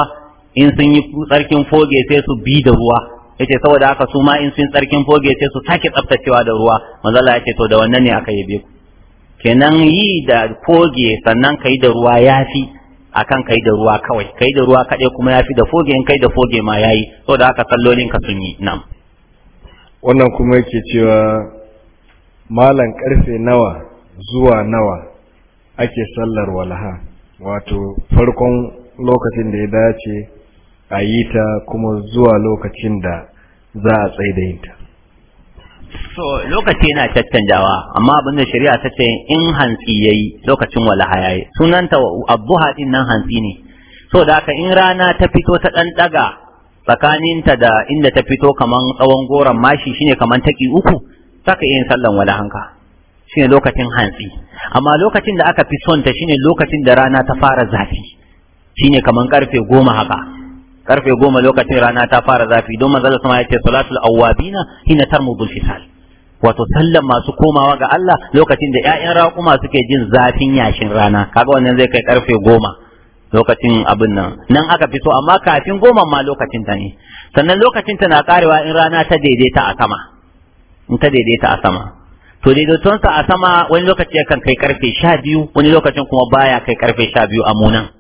in sun yi tsarkin foge sai su bi da ruwa yace saboda haka su ma in sun tsarkin foge sai su sake tsaftacewa da ruwa manzala ya ce to da wannan ne aka yi biyu kenan yi da foge sannan ka yi da ruwa ya fi. A kan ka yi da ruwa kawai Ka yi da ruwa kaɗai kuma ya fi da foge in kai da foge ma ya yi. saboda haka sallolin ka sun yi nan wannan kuma yake cewa malan karfe nawa zuwa nawa ake sallar walaha wato farkon lokacin da ya dace a yi ta kuma zuwa lokacin da za a tsaidayinta so lokaci yana caccanjawa amma abin da shari'a ta ce in hantsi ya yi lokacin walaha ya yi, sunanta abu haɗin nan hantsi ne so da aka in rana ta fito ta ɗan ɗaga tsakaninta da inda ta fito kaman tsawon goron mashi shine kaman taki uku Saka iya yin sallan walahanka shine lokacin hantsi amma lokacin da aka fi son ta shine lokacin da rana ta fara zafi shine kaman karfe goma haka karfe goma lokacin rana ta fara zafi don manzon sama ya ce salatul awabina hina tarmudul fisal wato sallan masu komawa ga Allah lokacin da ƴaƴan raƙuma suke jin zafin yashin rana kaga wannan zai kai karfe goma lokacin abin nan nan aka fito amma kafin goma ma lokacin ta ne sannan lokacin ta na karewa in rana ta daidaita a sama in ta daidaita a sama to daidaitonsa a sama wani lokaci yakan kai karfe sha biyu wani lokacin kuma baya kai karfe sha biyu a munan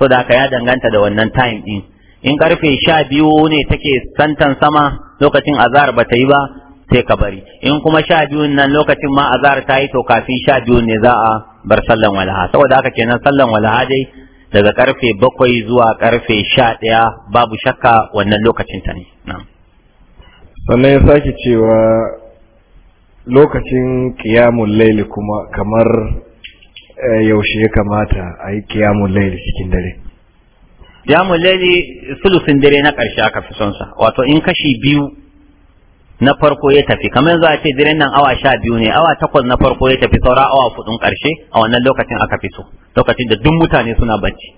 to da haka ya danganta da wannan time din in karfe sha biyu ne take santan sama lokacin azhar ba ta yi ba sai ka bari in kuma sha biyun nan lokacin ma azhar ta yi to kafin sha biyun ne za a bar sallan walaha saboda haka kenan sallan walaha dai daga karfe bakwai zuwa karfe sha ɗaya babu shakka wannan lokacin ta ne sannan ya sake cewa lokacin kiyamun laili kuma kamar eh, yaushe ya kamata a yi kiyamun laili cikin dare kiyamun laili sulusin dare na ƙarshe aka fi son wato in kashi biyu na farko ya tafi kamar za a ce dare nan awa sha biyu ne awa takwas na farko ya tafi saura awa fudun ƙarshe a wannan lokacin aka fi so lokacin da duk mutane suna bacci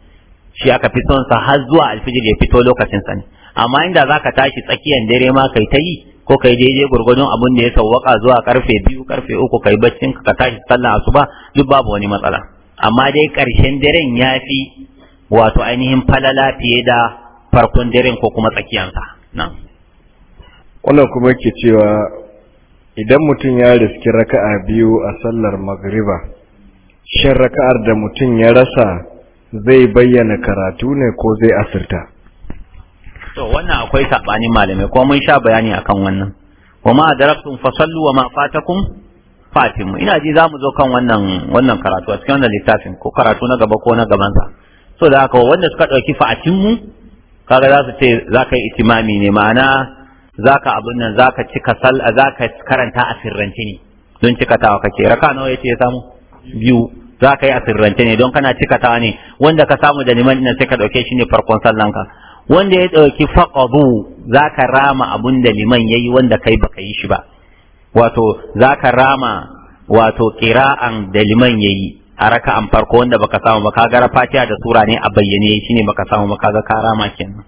shi aka fi son har zuwa alfijir ya fito lokacin sa ne amma inda za ka tashi tsakiyar dare ma kai ta yi ko kai daidai gurgudun abin da ya sauwaka zuwa karfe biyu karfe uku kai baccin ka ka tashi sallan asuba duk babu wani matsala amma dai karshen daren ya fi wato ainihin falala fiye da farkon daren ko kuma tsakiyansa na wannan kuma yake cewa idan mutum ya riski raka'a biyu a sallar magriba shin raka'ar da mutum ya rasa zai bayyana karatu ne ko zai asirta to wannan akwai sabanin malamai ko mun sha bayani akan wannan wa ma daraktum fasallu wa ma fatakum fatimu ina ji za mu zo kan wannan wannan karatu a cikin wannan littafin ko karatu na gaba ko na gabansa so da haka wanda suka ɗauki fatimu kaga za su ce za ka yi itimami ne ma'ana za ka abin nan za ka cika sal za ka karanta a sirrance ne don cikatawa kake raka nawa ya ce ya samu biyu za ka yi a sirrance ne don kana cikatawa ne wanda ka samu da liman ɗin sai ka ɗauke shi ne farkon sallanka wanda ya ɗauki faqadu za ka rama abun da liman ya yi wanda kai baka yi shi ba wato za ka rama wato kira'an da liman ya yi a raka an farko wanda baka samu ba ka gara fatiha da sura ne a bayyane shi ne baka samu ba kaga ka rama kenan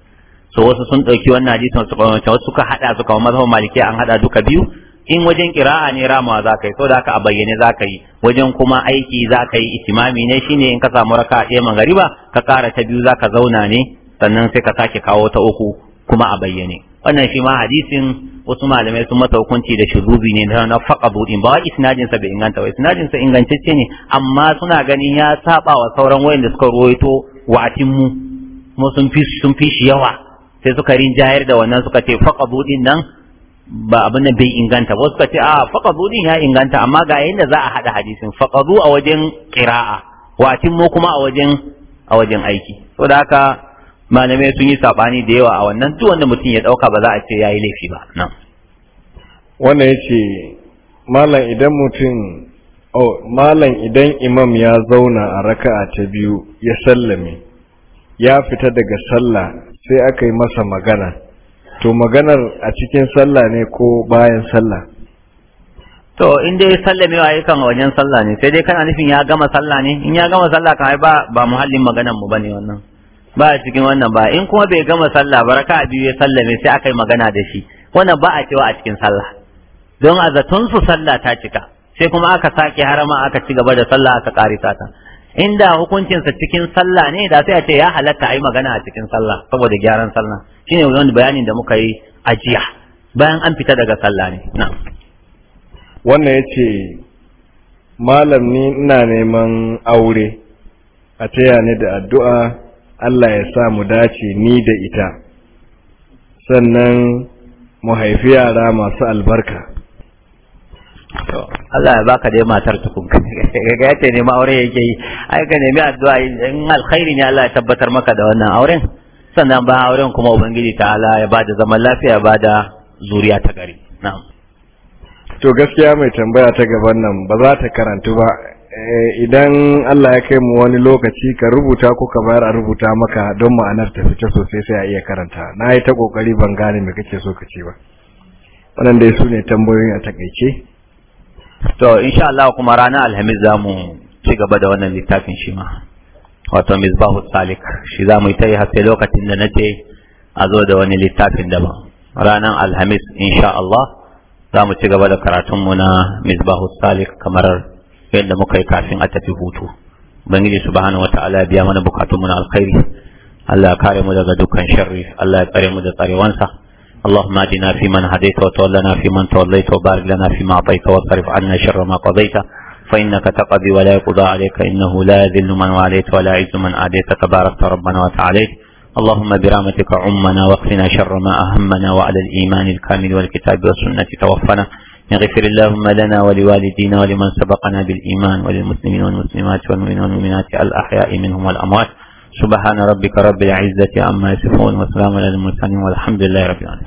so wasu sun ɗauki wannan hadisin su kawance wasu suka haɗa su kawo mazhabin maliki an haɗa duka biyu in wajen ƙira'a ne ramawa za ka yi so da haka a bayyane za ka yi wajen kuma aiki za ka yi itimami ne shine in ka samu raka'a ɗaya magariba ka ƙara ta biyu za ka zauna ne sannan sai ka sake kawo ta uku kuma a bayyane wannan shi ma hadisin wasu malamai sun mata hukunci da shuzubi ne na na faqa budin ba isnadin sa bai inganta ba isnadin sa ingantacce ne amma suna ganin ya saba wa sauran wayanda suka ruwaito wa mu kuma sun fi sun fi shi yawa sai suka rinjayar da wannan suka ce faqa budin nan ba abin nan bai inganta ba suka ce a faka buɗin ya inganta amma ga yadda za a hada hadisin faqadu a wajen qira'a wa mu kuma a wajen a wajen aiki saboda haka malamai sun yi sabani da yawa a wannan duk wanda mutum ya dauka ba za a ce yayi laifi ba nan wannan yace malam idan mutum oh malam idan imam ya zauna a raka'a ta biyu ya sallame ya fita daga sallah sai aka yi masa magana to maganar a cikin sallah ne ko bayan sallah to in dai sallame sallamewa yakan wajen sallah ne sai dai kana nufin ya gama sallah ne in ya gama sallah kan ba ba muhallin maganar mu bane wannan ba a cikin wannan ba in kuma bai gama sallah ba raka biyu ya sallame sai aka yi magana da shi wannan ba a cewa a cikin sallah don a zaton su sallah ta cika sai kuma aka sake harama aka ci gaba da sallah aka karisa ta inda hukuncinsa cikin sallah ne da sai a ce ya halatta a yi magana a cikin sallah saboda gyaran sallah shine wani bayanin da muka yi a jiya bayan an fita daga sallah ne na wannan yace malam ni ina neman aure a taya ne da addu'a Allah ya sa mu dace ni da ita sannan mu haifi yara masu albarka Allah ya baka dai matar tukun ga yace ne ma aure yake yi ai ka nemi addu'a in alkhairi ne Allah ya tabbatar maka da wannan auren sannan ba auren kuma ubangiji ta'ala ya bada zaman lafiya ya bada zuriya ta gari na'am to gaskiya mai tambaya ta gaban nan ba za ta karantu ba Eh, idan Allah ya kai mu wani lokaci ka rubuta ko ka bayar a rubuta maka don ma'anar ta fita sosai sai a iya karanta na yi ta kokari ban gane me kake so ka ce ba wannan dai su ne tambayoyin a takaice to insha Allah kuma ranar alhamis za mu ci gaba da wannan littafin shi ma wato misbahu salik shi za mu yi ta haske lokacin da na ce a zo da wani littafin daban ranar alhamis insha Allah za mu ci gaba da karatunmu na misbahu salik kamar yadda muka yi kafin a tafi hutu ubangiji subhanahu wataala ya biya mana bukatun mu na alkhairi Allah ya kare mu daga dukkan sharri Allah ya kare mu da tsarewansa اللهم اهدنا فيمن هديت وتولنا فيمن توليت وبارك لنا فيما اعطيت واصرف عنا شر ما قضيت فانك تقضي ولا يقضى عليك انه لا يذل من واليت ولا يعز من عاديت تبارك ربنا وتعاليت اللهم برحمتك عمنا واقفنا شر ما اهمنا وعلى الايمان الكامل والكتاب والسنه توفنا يغفر اللهم لنا ولوالدينا ولمن سبقنا بالإيمان وللمسلمين والمسلمات والمؤمنين والمؤمنات الأحياء منهم والأموات سبحان ربك رب العزة عما يصفون وسلام على المرسلين والحمد لله رب العالمين